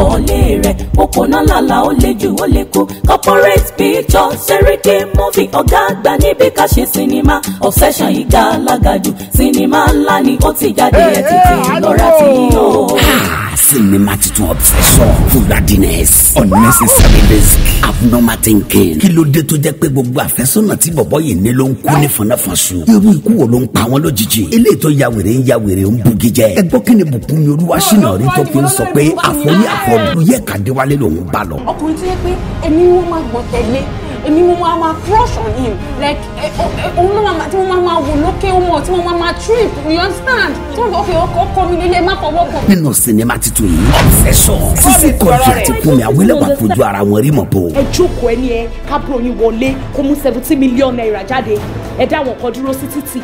àkọọ́lẹ̀ rẹ̀ òpónà làlà ó lè jù ó lè kú corporate pictures, Seriki movie ọ̀gá àgbà níbi ká ṣe sinimá obsession ìgbà alágàjù sinimá ńlá ni ó ti jáde ẹ̀ tètè lọ́ra tí yóò sinima titun obsession fooladiness unnecessary risk abnormal thinking kí ló dé tó jẹ́ pé gbogbo àfẹ́sọ́nà tí bọ̀bọ́ yìí ní ló ń kú ní fọnáfọ̀sù irú ikú wo ló ń pa wọn lójijì eléyìí tó ya wèrè ń ya wèrè ń bugi jẹ ẹ gbọ́ kí ni bùkún mi olúwa ṣìnà rí tó fi ń sọ pé àforí àfọlù yẹ kàdéwálé lòún bá lọ. ọkùnrin tó yẹ pé ẹni wọn máa gbọ́ tẹ́lẹ̀ èmi mo máa máa crush on him like eh, oh, eh, òun ló máa tí mo máa máa wò lókè ọmọ tí mo máa máa trip you understand tí mo fi ọkọ ọkọ mi nílé má fọwọ́ bọ̀. nínú sinimá titun yìí ọ̀fẹ́ sọ sísí kọjú àti kúnmi àwélẹ́wà fojú ara wọn rí mọ̀ bò. ẹ jókòó ẹni ẹ kábírò yín wọlé kó mú seventeen million naira jáde ẹ dá wọn kan dúró sí títì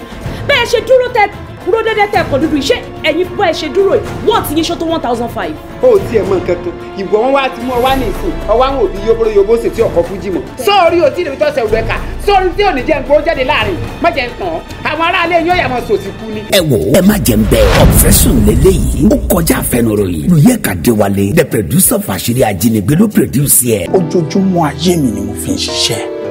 bẹ́ẹ̀ ṣe dúró tẹ dúró dédé tẹ ẹ̀kọ́ dúdú iṣẹ́ ẹ̀yin bẹ́ẹ̀ ṣe dúró yìí wọ́n ti yín ṣó one thousand five. o ò tiẹ̀ mọ nǹkan tó ìwọ wọn wá ti mú ọ wá ní ìsìn ọwọ́ àwọn òbí yóbóró yóbó sì ti ọkọ̀ fújì mọ̀. sóòrí o tí ìdèmí tó ṣe wẹ̀ka sóòrí tí ò ní jẹ́ nǹkan ó jáde láàrin má jẹ́ nǹkan àwọn aráalé yóò yà mọ sòsì kú ni. ẹ wo ẹ má jẹ nbẹ obsession lélẹyìí ó kọjá àfẹnuròyìn lóye kàdéwálé the producer fàṣírí ajínigbé ló produce ẹ. ojoojúmọ́ ayé mi ni mo fi ń ṣiṣẹ́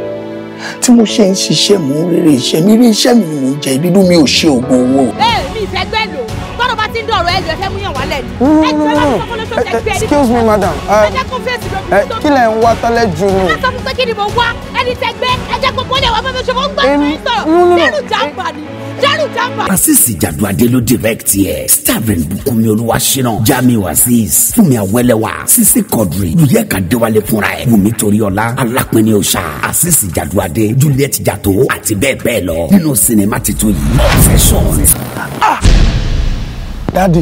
tí mo ṣe ń ṣiṣẹ́ mò rere iṣẹ́ mi rí iṣẹ́ mi ni jẹ ibi dún mi ò ṣe oògùn owó. ẹ bá ti ń dọ̀rọ̀ ẹ̀jẹ̀ fẹ́ mú wálẹ̀ ni. excuse me madam uh, uh, kí lẹ̀ ń wá tọ́lẹ̀ jù mí. ẹ sọ fún pé kí ni mo wá ẹni tẹ́gbẹ́ Asisi ọdẹ wàá fẹfẹ ṣe wọn gbà mí sọ̀rọ̀ dẹrù jàǹbá fúnmi awẹ́lẹ́wà sisi quadri lùyẹ́ka déwálé fúnra ẹ̀ wùmí toríọlá alápẹ̀ni òòṣà asisi ìjàdù adé juliet jato àti bẹ́ẹ̀ bẹ́ẹ̀ lọ nínú sinimá titun yìí obsession. dadi.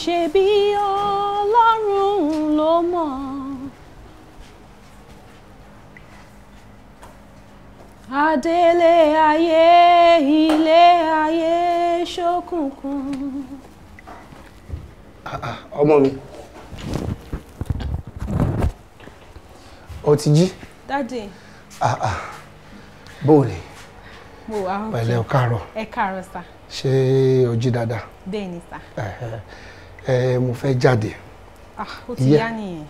ṣebí ọlọ́run ló mọ̀. adélé ayé ilé ayé ṣókùnkùn. Ah, ah, ọmọ mi ó ti jí. dáàdì. Ah, bó o lè. mo wà ó kí pẹ̀lẹ́ o káàárọ̀. ẹ káàárọ̀ sá. ṣé o jí dáadáa. bẹ́ẹ̀ ni sá ẹ mo fẹ́ jáde. Ah, ó ti yá nìyẹn.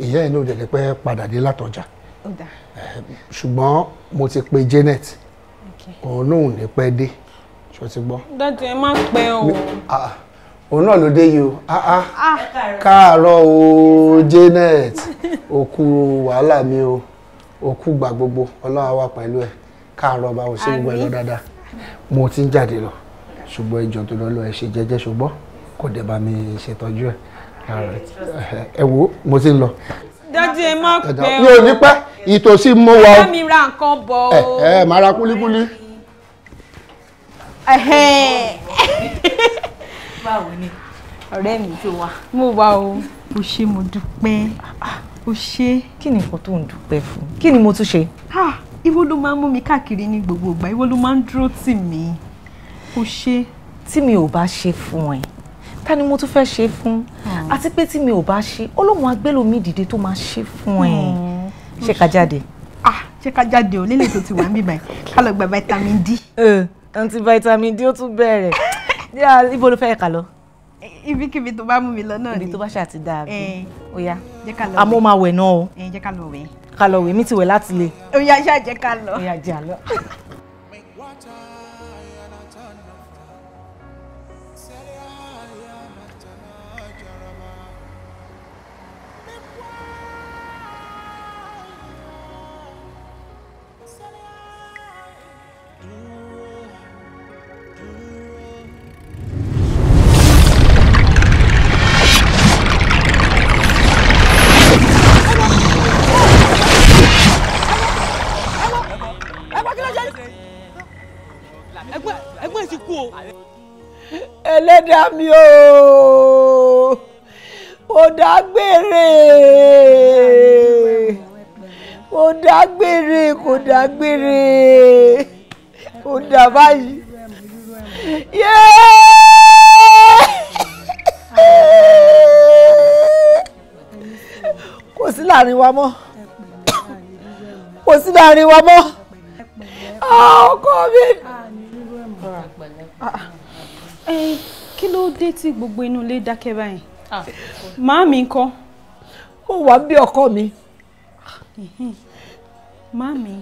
ìyá ẹ̀ náà dẹ̀lẹ́ pẹ́ padà dé látọjà. ṣùgbọ́n mo ti pe Janet òun náà ò ní pẹ́ dé ṣó ti gbọ́. dájú ẹ má pẹ́ o. Ah, òun náà ló dé yìí o ah, káàárọ̀ o Janet òkú wàhálà mi o òkú gbà gbogbo ọlọ́wà wà pẹ̀lú ẹ̀ káàárọ̀ bá o ṣe gbogbo ẹ̀ lọ dáadáa mo ti ń jáde lọ ṣùgbọ́n ìjọ tó lọ lọ ẹ ṣe jẹ́jẹ́ ṣùgbọ́n kò dẹ̀ bá mi ṣètọ́jú ẹ̀ ẹ wo mo ti ń lọ. dájú ẹ má pẹ́ o mi ò ní pẹ́ ìtòsí mo wà o. bá mi ra nǹkan bọ̀ o. ẹ ẹ màá kúlíkúlí. ọ̀rẹ́ mi tó wà. mo wà o o ṣé mo dúpẹ́ o ṣé. kí ni nǹkan tó ń dúpẹ́ fún kí ni mo tún ṣe. ìwọ ló máa ń mú mi káàkiri ní gbogbo ìgbà ìwọ ló máa ń dúró tì mí o ṣé. tí mi ò bá ṣe fún ẹ ta ni mo tún fẹ́ ṣe fún hmm. àti pé tí mi ò bá ṣe Ọlọ́run agbélòmí dìde tó máa ṣe fún ẹ hmm. ṣé ká jáde. ah ṣé ká jáde o lélẹ̀ tó ti wà ń bíbá yìí ká lọ gba vitamin D. anti vitamin D ó tún bẹ̀rẹ̀ ibo ló fẹ́ ká lọ. ibikíbi tó bá mú mi lọ náà ni ibi tó bá ṣáà ti dáa bí eh. ó yá àmọ́ máa wẹ̀ náà o eh, ká lọ wẹ̀ mi ti wẹ̀ láti le. ó yá ṣáà jẹ́ ká lọ. ó yá jẹ́ àlọ́. ẹlẹ́dàá mi o mo dágbére mo dágbére kò dágbére kò dà báyìí kò sí láàrin wa mọ́ kò sí láàrin wa mọ́ ah, ọkọ mi. Ah, ah kí ló dé tí gbogbo inú ilé dákẹ́ báyìí ah. màámi ńkọ́. ó wà bí ọkọ mi. màámi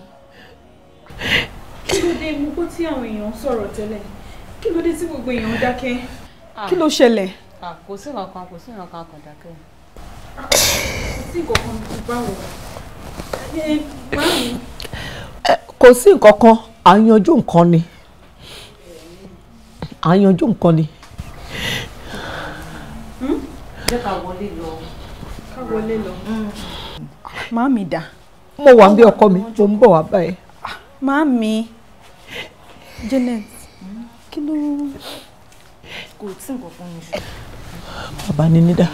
kí ló dé mo kó tí àwọn èèyàn ń sọ̀rọ̀ tẹ́lẹ̀ kí ló dé tí gbogbo èèyàn dákẹ́ ah. kí ló ṣẹlẹ̀. Ah, kò sí nǹkan kan kò sí nǹkan kan kò dákẹ́. kò sí nǹkan kan tó bá wọ̀ màámi. kò sí nǹkan kan à nǹkan ni à nǹkan ni jẹ́ ká wọlé lọ. ká wọlé lọ. Mm. màámi dà. mo wà bí ọkọ mi mo ń bọ̀ wá báyìí. màámi Janet kí ló kò tí nǹkan fún mi. bàbá ni nídà.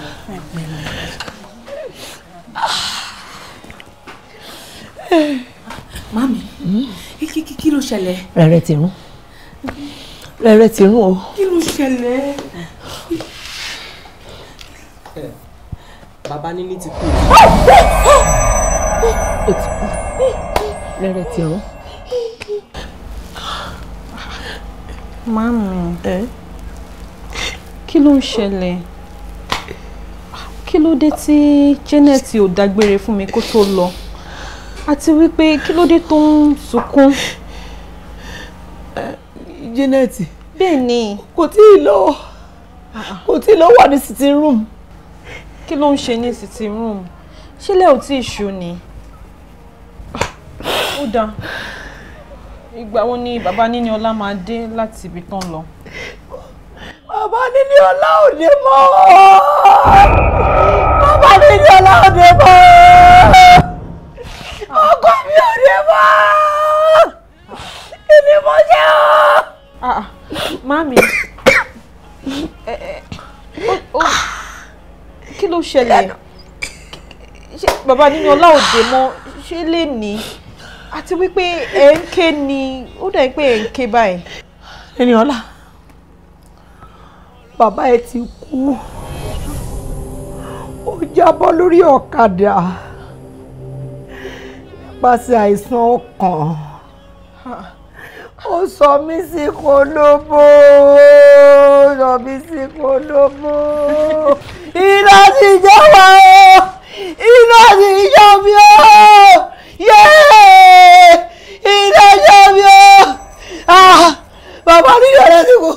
màámi hmm? kí ló ṣẹlẹ̀. rẹ̀ ti rún rẹ̀rẹ̀ ti rún o. kí ló ṣẹlẹ̀? bàbá níní ti kú. ó ti kú rẹ̀rẹ̀ ti rún. Mami, kí ló ń ṣẹlẹ̀? Kí ló dé tí Janet ò dágbére fún mi kó tó lọ? Àti wípé kí ló dé tó ń sunkún? Janet. bẹ́ẹ̀ ni. kò tí ì lọ ah, ah. kò tí ì lọ wà ní sitting room. kí ló ń ṣe ní sitting room sílẹ̀ ò tí ì ṣú ni. ó dáa ìgbà wo ni bàbá níní ọlá máa dé láti ibi tán lọ. bàbá níní ọlá ò dé mọ́ bàbá níní ọlá ò dé mọ́ ọkọ mi ò dé mọ́ èmi mo jẹ́ ọ́. Ah, ah. mami eh, eh. Oh, oh. kí ló ṣẹlẹ̀ bàbá nínú ọlá òde mọ́ ṣé lè ní àti wípé ẹ̀ ń ké ni ó dẹ̀ pé ẹ̀ ń ké báyìí. ẹni ọlá bàbá ẹ ti kú ó jábọ́ lórí ọ̀kadà nípasẹ̀ àìsàn ọkàn ó sọ mí sí kólóbó sọ mí sí kólóbó iná ti jẹ́ wá o iná ti yọ mí o yé iná yọ mí o ah, bàbá nílò rẹ ti kú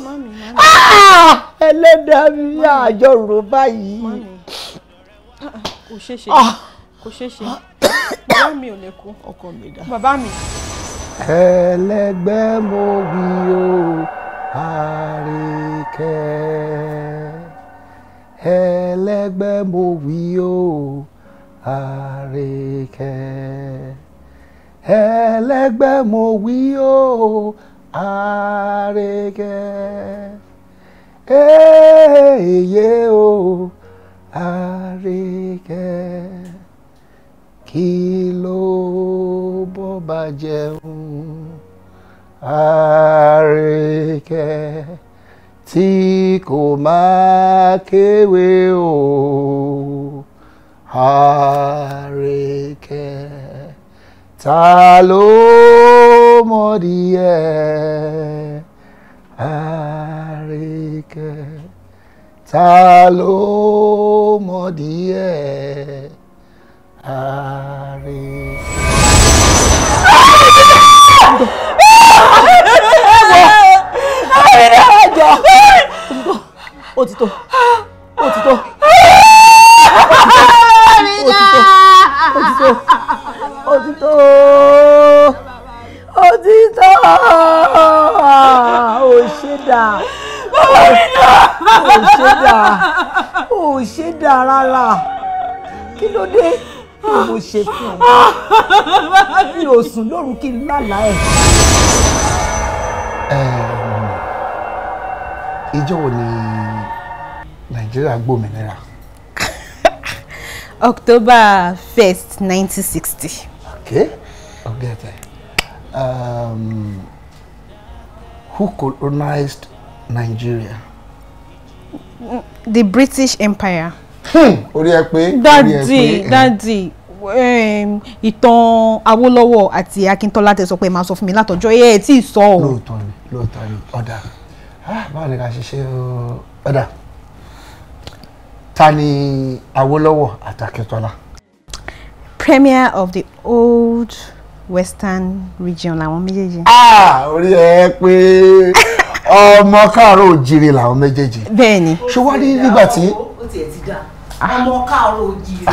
ah, ẹlẹ́dàá mi àjọrò báyìí. Ah, kò ṣeé ṣe kò ṣeé ṣe bàbá mi ò lè kú ọkọ mi dá bàbá mi ẹlẹgbẹ́ mo wí o àríkẹ́ ẹlẹgbẹ́ mo wí o àríkẹ́ ẹlẹgbẹ́ mo wí o àríkẹ́ èyí o àríkẹ́ kí ló bọ́ bá jẹun àrèkẹ́ tí kò máa kéwé o àrèkẹ́ ta ló mọ̀dí ẹ̀ àrèkẹ́ ta ló mọ̀dí ẹ̀ ààrẹ. ẹ̀wọ̀ àìrìnàjò òtítọ́ òtítọ́ òtítọ́ òtítọ́ òtítọ́ òtítọ́ òṣèdà òṣèdà òṣèdà rárá kí ló dé kí mo ṣe fún ọ mi ò sùn lóru kí n lálàá ẹ. ìjọ wo ni nàìjíríà gbòmìnira. October first, nineteen sixty. okay ọgá um, who colonized Nigeria? The British Empire. Hmm. orí ẹ pé dadi dadi ìtàn Awolowo àti Akíntọ́lá tẹ sọ pé máa sọ fún mi látọjọ́ ẹ tí ì sọ o. lóòótọ́ ni lóòótọ́ ni ọ̀dà ah, báwo ni ká ṣe ọ̀dà ta ni Awólọ́wọ̀ àti Akíntọ́lá. Premier of the old Western region làwọn méjèèjì. ah orí ẹ pé ọmọ káàárọ̀ òjìrì làwọn méjèèjì. bẹ́ẹ̀ni. ṣé wàá rí nígbà tí tiẹ̀ ti dá ah. ọmọ káàárọ̀ oòjíire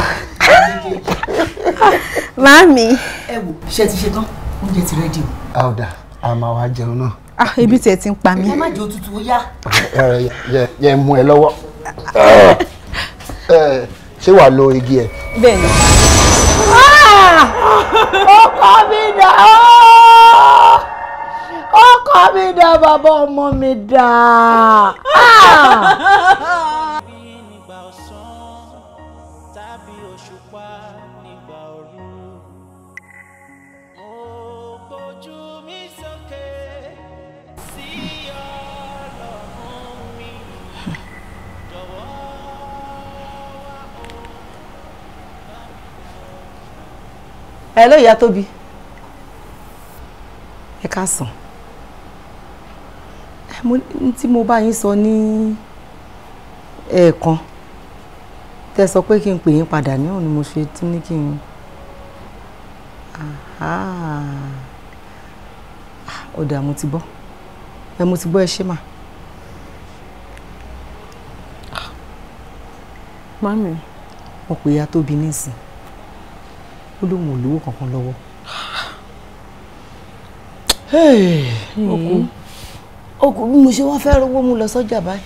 màámi. ẹ wò ṣe ti ṣe tán oúnjẹ ti rẹ́dì o. ọ̀dà a máa wá jẹun náà. ah ebi tiẹ̀ ti ń pa mí. ẹ má jẹ òtútù ó yá. yẹ mú ẹ lọ́wọ́ ṣé wàá lo igi ẹ. bẹ́ẹ̀ni. ọkọ ah! mi dà ọkọ mi dà bàbá ọmọ mi dà. Ah! ẹ ló ìyá tóbi ẹ ká sàn tí mo bá yín sọ ní ẹ̀ẹ̀kan tẹ́ sọ pé kí n pè yín padà ní o ni mo ṣe tún ní kí n ọ̀dà mo ti bọ́ ẹ mo ti gbọ́ ẹ ṣé mà. mami. mo pè ya tóbi nísìnyí lóun ò kankan lọ́wọ́. okùn hmm. okùn mo ṣe wá fẹ́ rówó mu lọ sọ́jà báyìí.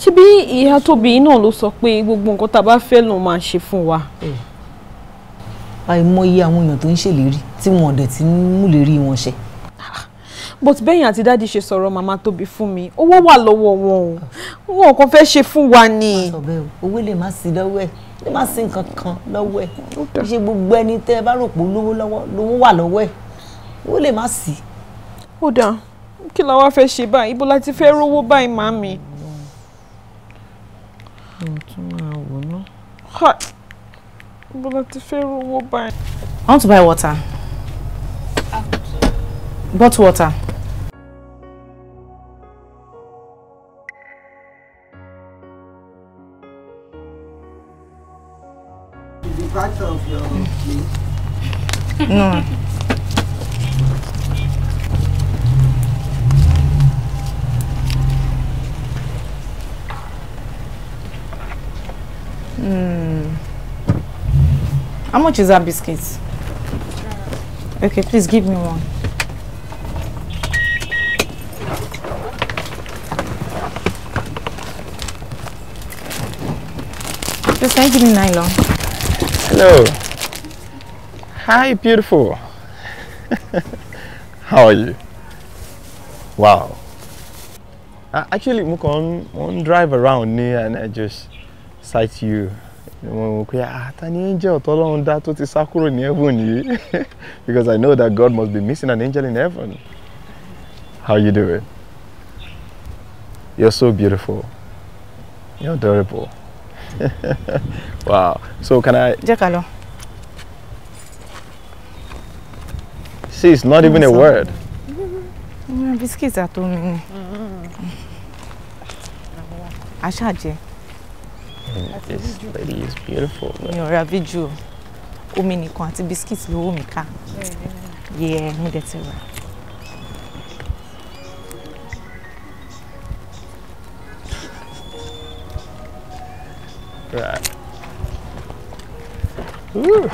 ṣebí ìyá tóbi náà ló sọ pé gbogbo nǹkan tá a bá fẹ́ lòun máa ṣe fún wa. Hmm. àìmọye àwọn èèyàn tó ń ṣèlérí tí wọn ọ̀dẹ̀ ti ń múlérí wọn ṣe but bẹ́yìn àti dáàdi ṣe sọ̀rọ̀ màmá tóbi fún mi owó wà lọ́wọ́ wọn o wọn kàn fẹ́ ṣe fún wa ni. owó lè má sí lọ́wọ́ ẹ̀ ní má sí nǹkan kan lọ́wọ́ ẹ̀ kì í ṣe gbogbo ẹni tẹ́ ẹ bá rò pé olówó lọ́wọ́ lówó wà lọ́wọ́ ẹ̀ ó lè má sí. ó dà kí la wá fẹ́ ṣe báyìí ibo la ti rówó báyìí màámi. mo tún máa wò ná. ibo la ti rówó báyìí. I want to buy water. Ah. Bottled water. No. Mm. How much is that biscuit? Okay, please give me one. Please, can you give me nylon? Hello. Hi, beautiful. How are you? Wow. I actually, mo kàn drive around ni and I just sight you. Mo pe ah angel t'Ọlọ́run dá tó ti sá kúrò ní heaven because I know that God must be missing an angel in heaven. How you doing? You're so beautiful. You're adorable. wow. So can I? Jẹ́ see it's not even a word. Mm, biscuits are too many. Ashaje. This lady is beautiful. Mi ò ra video. Omi nìkan àti biscuits ló mi Yeah, mo dẹ̀ ti rà. Right. Ooh.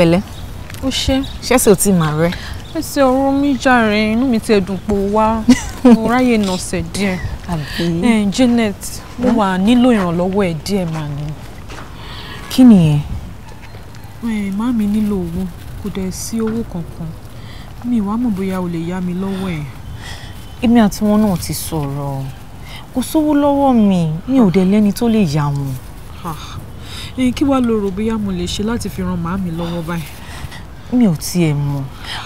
pẹ̀lẹ́ ó ṣe ṣẹ́sì ò tí màá rẹ. ẹsẹ̀ ọ̀rọ̀ mi jàre inú mi ti ẹ̀dùn pò wá mo ráyè nọ̀sẹ̀ díẹ̀ Janet mo wà nílò ìrànlọ́wọ́ ẹ̀ díẹ̀ mà ní. kí nìyẹn. màmí nílò owó kò dẹ̀ sí owó kankan mi ìwà mọ̀ bóyá o lè yá mi lọ́wọ́ ẹ̀. èmi àti wọn náà ti sọ̀rọ̀ kò sówó lọ́wọ́ mi mi ò dẹ̀ lẹ́ni tó lè yá wọn kí wàá lo rò bóyá mo lè ṣe láti fi ran màámi lọ́wọ́ báyìí. mi ò tiẹ̀ mọ̀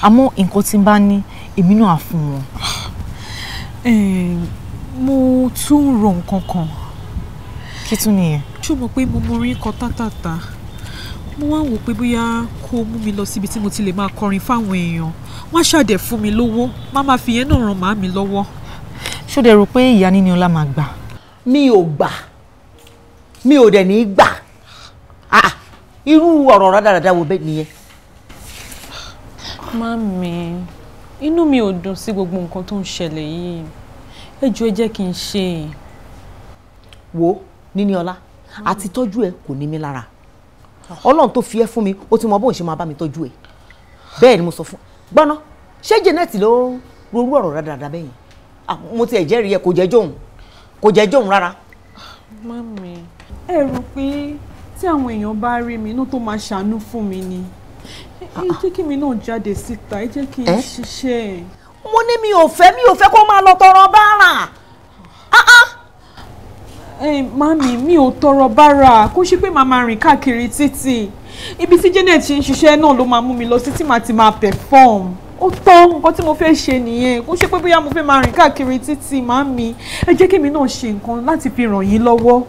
àmọ́ nǹkan tí n bá ní èmi náà á fún wọn. mo tún ń ro nǹkan kan. kí tún nìyẹn. ṣùgbọ́n pé mo mọ orin kan tátàtà mo wá ń wò pé bóyá kó mú mi lọ síbi tí mo ti lè máa kọrin fáwọn èèyàn wọ́n ṣàdẹ̀ fún mi lówó má máa fi yẹn náà ran màámi lọ́wọ́. ṣó dẹ̀ rò pé ìyá níní ọlá máa gbà. mi ò gbà mi ò dẹ̀ ní í gbà irú ọ̀rọ̀ rádaràda wo bẹ́ẹ̀ nìyẹn. mami inú mi ò dùn sí gbogbo nǹkan tó ń ṣẹlẹ̀ yìí ẹ jọ̀ọ́ ẹ jẹ́ kí n ṣe. wo Níníọlá hmm. àti tọ́jú ẹ kò ní mi lára ah. ọlọ́run tó fi ẹ́ fún mi ó ti mọ bóun ṣe máa bá mi tọ́jú ẹ bẹ́ẹ̀ ni mo sọ fún gbọ́ná ṣé Janet ló rorú ọ̀rọ̀ rádaràda bẹ́ẹ̀ yẹn ah, mo ti ẹ̀ jẹ́rìí ẹ kò jẹ́ jóun kò jẹ́ jóun rárá. mami ẹ rò pé tí àwọn èèyàn bá rí mi inú tó máa ṣàánú fún mi ni ẹ ah. jẹ́ kí mi náà jáde síta ẹ jẹ́ kí n ṣiṣẹ́. mo ní mi ò fẹ́ mi ò fẹ́ kó máa lọ tọrọ bárà. Ah, ah. mami mi ò tọrọ bárà kó ṣe pé màmá rìn káàkiri títì ibi tí Janet ṣe ń ṣiṣẹ́ náà ló máa mú mi lọ sí tí màá ti máa perform ó tọ́ nǹkan tí mo fẹ́ ṣe nìyẹn kó ṣe pé bóyá mo fẹ́ máa rìn káàkiri títì màmí ẹ jẹ́ kí mi náà ṣe nǹkan láti fi ràn yín lọ́wọ́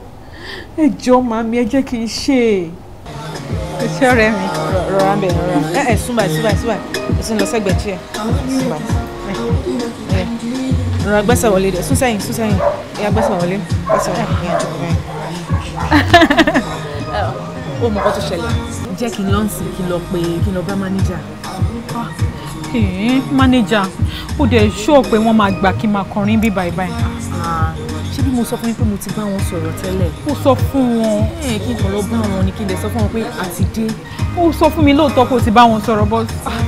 ẹ jọ màmí ẹ jẹ́ kí n ṣe é ẹ ṣe ọ̀rẹ́ mi rọra ń bẹ rọra ẹ ẹ súnbà súnbà súnbà ẹ sì ń lọ sẹ́gbẹ̀ẹ́ tí ẹ súnbà ẹ rọra gbẹ́sẹ̀ wọlé dẹ sún sẹ́yìn sún sẹ́yìn ẹ gbẹ́sẹ̀ wọlé gbẹ́sẹ̀ wọlé ẹ jọ bẹ́ẹ̀ ó mọ̀ kó tó ṣẹlẹ̀. jẹ́ kí n lọ sí kí n lọ pé kí n lọ bá mánéjà. mánéjà ó dẹ̀ ṣó pé wọ́n máa gbà kí n máa kọrin bí báyìí báyìí. Ah ṣé bí mo sọ fún yín pé mo ti bá wọn sọ̀rọ̀ tẹ́lẹ̀. ó sọ fún wọn. ẹ kí n kàn bá wọn ni kí n lè sọ fún wọn pé a dé. ó sọ fún mi lóòótọ́ kó o ti bá wọn sọ̀rọ̀ but ah,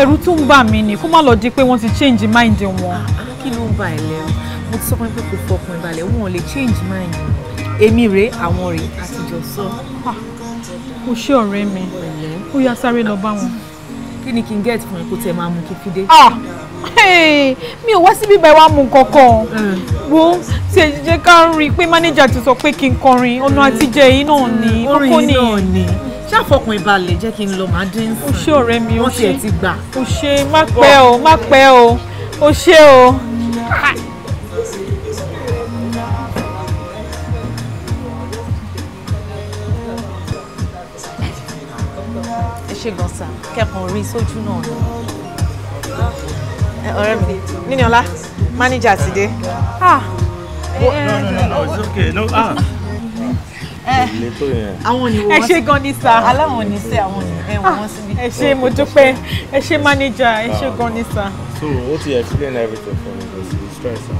ẹ̀rù tún ń bà mí ni kó má lọ di pé wọ́n ti change mind wọn. Ah, ah, kí ló ń ba ẹ lẹ́rù mo ti sọ fún yín pé kò fọkàn ìbalẹ̀ wọn ò lè change mind èmi rèé àwọn rèé àtijọ́ sọ. ó ṣe ọ̀rẹ́ mi ó yá sáré lọ bá wọn kí ni kí n get fún ẹ kó tẹ máa mú kí n fi dé. Ah, mi ò wá síbí báyìí wá mú kankan eh. wo ṣe jẹ́ ká rí i pé mánéjà ti sọ pé kí n kọrin ọ̀nà àtijẹ yìí náà ni kókó ni. orin yìí náà ni ṣàfọkùn ìbalẹ̀ jẹ́ kí n lọ máa dín sùn. o ṣé ọ̀rẹ́ mi o ṣé o ṣé má pẹ́ o má pẹ́ o o o. Ah. ṣe gan sa kẹ́kọ̀ọ́ rí sójú náà ni. ọ̀rẹ́ mi Níniọlá mánéjà ti dé. àwọn ni wọ́n ẹ ṣe gan ni sa aláwọn ni sẹ́ àwọn ẹ wọ́n síbi. ẹ ṣe mo dúpẹ́ ẹ ṣe mánéjà ẹ ṣe ah. gan ni sa. so o ti explain everything for me because you stress am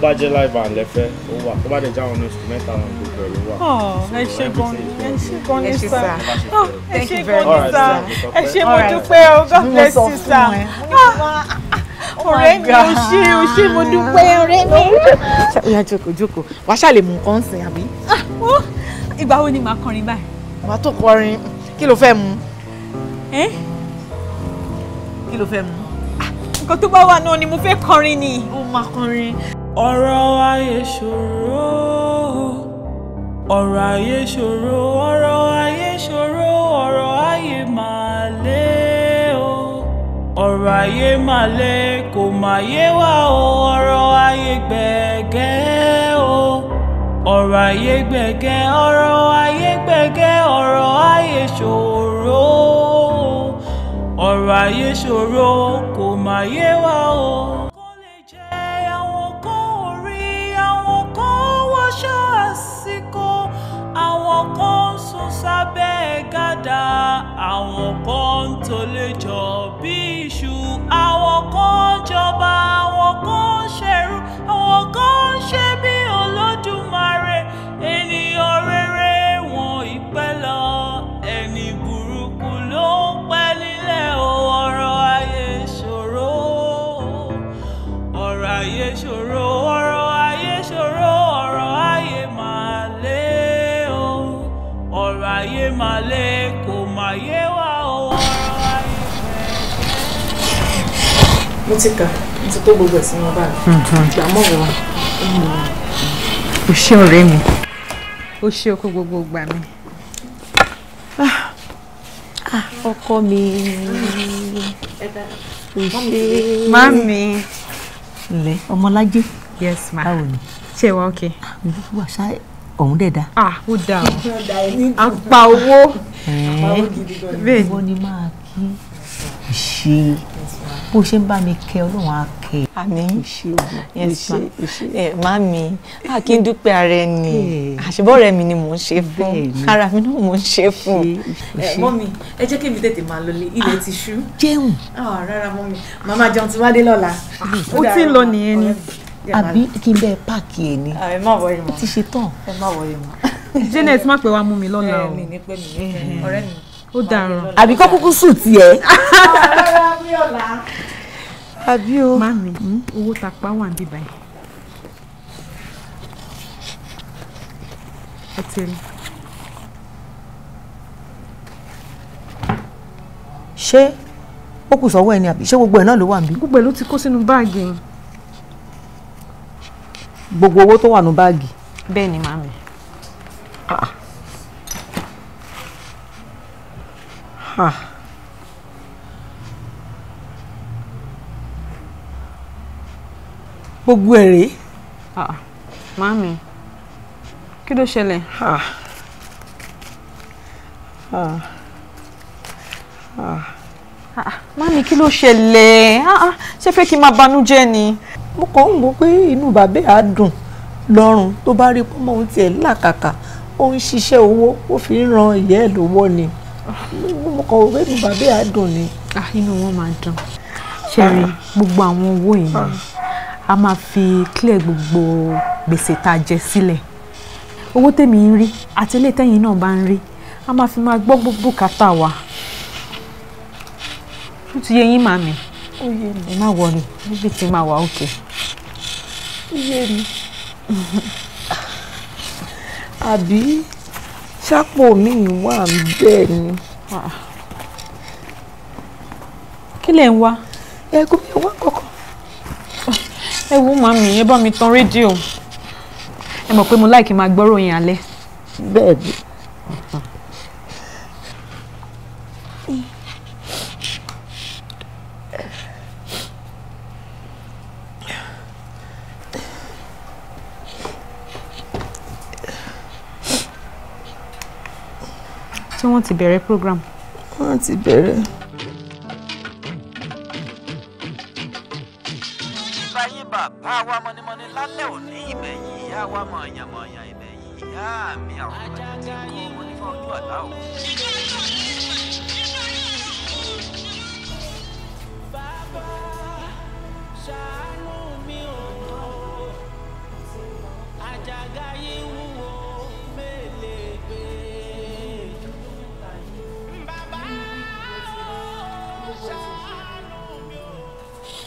tó bá jẹ́ live band lẹ́fẹ́ ó wà tó bá dẹ̀ jáwọn ní instrumental náà gbogbo ẹ̀ ló wà. ẹ ṣe gan ẹ ṣe gan ní sá ẹ ṣe gan ní sá ẹ ṣe mo dúpẹ́ o god bless you sá ah, oh ọ̀rẹ́ mi ò ṣe ò ṣe mo dúpẹ́ ọ̀rẹ́ mi. ìyá jókòó jókòó wàá ṣàlè mú nǹkan sìn àbí. Ah, ìgbà wo ni màá kọrin báyìí. màá tó kọrin kí ló fẹ́ mu. kí ló fẹ́ mu. Ah, nǹkan tó bá wà náà ni mo fẹ́ kọrin ni. ó máa kọrin ọ̀rọ̀ ayé ṣòro ọ̀rọ̀ ayé ṣòro ọ̀rọ̀ ayé ṣòro ọ̀rọ̀ ayé máa lé o ọ̀rọ̀ ayé máa lé kò máa yé wa o ọ̀rọ̀ ayé gbẹ̀gẹ́ o ọ̀rọ̀ ayé gbẹ̀gẹ́ ọ̀rọ̀ ayé gbẹ̀gẹ́ ọ̀rọ̀ ayé ṣòro ọ̀rọ̀ ayé ṣòro kò máa yé wa o. ṣàṣìkò àwọn kan ń sùn sábẹ́ gàdá àwọn kan ń tolé jọ bí iṣu àwọn kan ń jọba àwọn kan ń àwọn kan ṣe bí olè. mo ti kà mo ti tó gbogbo ẹ̀sìn wọn báyìí mhm. ìgbà mọ̀ rẹ̀ wá. o ṣé ọ̀rẹ́ mi o ṣé oko gbogbo ìgbà mi ah. Ah, ọkọ mi o ṣé mami ǹlẹ́ ọmọlájé yes ma báwo ni ṣé wa ok. Ah, wà á ṣá ọ̀hún dẹ̀ da. ah ó da o apá owó bẹ́ẹ̀ ni wọ́n máa kí ṣe bó ṣe ń bá mi kẹ́ ọlọ́run á kẹ́ ẹ. àmín ìṣe ìṣe má mi a kì í dúpẹ́ ara ẹni àṣebọ́ọ̀rẹ́ mi ni mò ń ṣe fún ara mi náà mò ń ṣe fún. mọ́mi ẹ jẹ́ kí mi tètè máa lọlé ilẹ̀ ah, ti ṣú. jẹun. Ah, rárá mọ́mi màmá jẹun ti wá dé lọ́la. Ah, ó ti ń lọ nìyẹn ni àbí kí n bẹ́ẹ̀ páàkì ẹ̀ ni ó ti ṣe tán. Janet má pè wá mú mi lọ́la o. ọ̀rẹ́ mi ó dàrọ. àbí kó kúkú sùn tiẹ̀. àbí o. mami owó tapá wà níbí báyìí. ẹ ti rí. ṣé ó kù sọ́wọ́ ẹni àbí ṣé gbogbo ẹ̀ náà ló wà níbí. gbogbo ẹ̀ ló ti kó sínú báàgì yẹn. gbogbo owó tó wà nù báàgì. bẹ́ẹ̀ ni màmí. ah ha gbogbo ẹ̀ rèé. màámi kí ló ṣẹlẹ̀. ha ha ha. Mami kí ló ṣẹlẹ̀? Ṣé fẹ́ kí n máa banújẹ́ ni? Mo kàn ń wò pé inú bàbá á dùn lọ́rùn tó bá rí pọ́nmọ́ ohun tiẹ̀ làkàkà. Ó ń ṣiṣẹ́ owó, ó fi ń ran ìyá ẹ̀ lọ́wọ́ ni mo kọ òwe mi bàbá yà dùn ni. Ah, inú wọn máa dùn ṣẹ̀rí gbogbo àwọn owó yìí a máa fi clear gbogbo gbèsè tá a jẹ sílẹ̀ owó tèmi ń rí àti ilé tẹ́yìn náà bá ń rí a máa fi máa gbọ́ gbogbo kàtà wa ó ti yé yín màmí ẹ má wọlé níbi tí máa wà òkè. àbí sápò mi wà bẹ́ẹ̀ ni. Ah. kí lẹ̀ ń wá. ẹ kò mi wá kankan. ẹ wo màmí ẹ bá mi tan rédíò ẹ mọ̀ pé mo láì máa gbọ́ròyìn alẹ́. bẹ́ẹ̀ ni. Ah, ah. wọ́n ti bẹ̀rẹ̀ program. wọ́n ti bẹ̀rẹ̀. ìbáyé bàbá wa mọ́nímọ́ní lálẹ́ òní ìbẹ̀yìn ìyá wa mọ̀ọ̀yàn mọ̀ọ̀yàn ìbẹ̀yìn ìyá mi àwọn ọmọ ẹni tí kò wọ́n ojú ọ̀la o.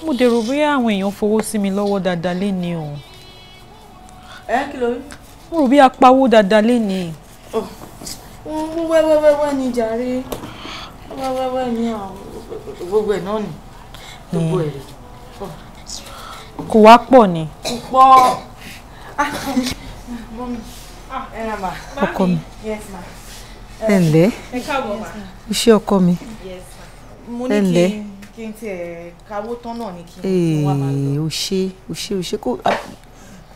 mo dèrò bóyá àwọn èèyàn fowó sí mi lọ́wọ́ dáadáa lénìí o. ẹ kí ló rí. mo rò bí apawó dáadáa lénìí. wẹ́wẹ́wẹ́wẹ́ ni jàre wẹ́wẹ́wẹ́ ni gbogbo ẹ̀ náà ni gbogbo hmm. ẹ̀ rẹ̀. kò wá pọ̀ ni. kò pọ̀ ah, ah, ọkọ mi ẹ ǹlẹ́ iṣẹ́ ọkọ mi ẹ ǹlẹ́ kí n tiẹ̀ káwó tán náà ni kí n wá máa lọ. o ṣe o ṣe o ṣe kó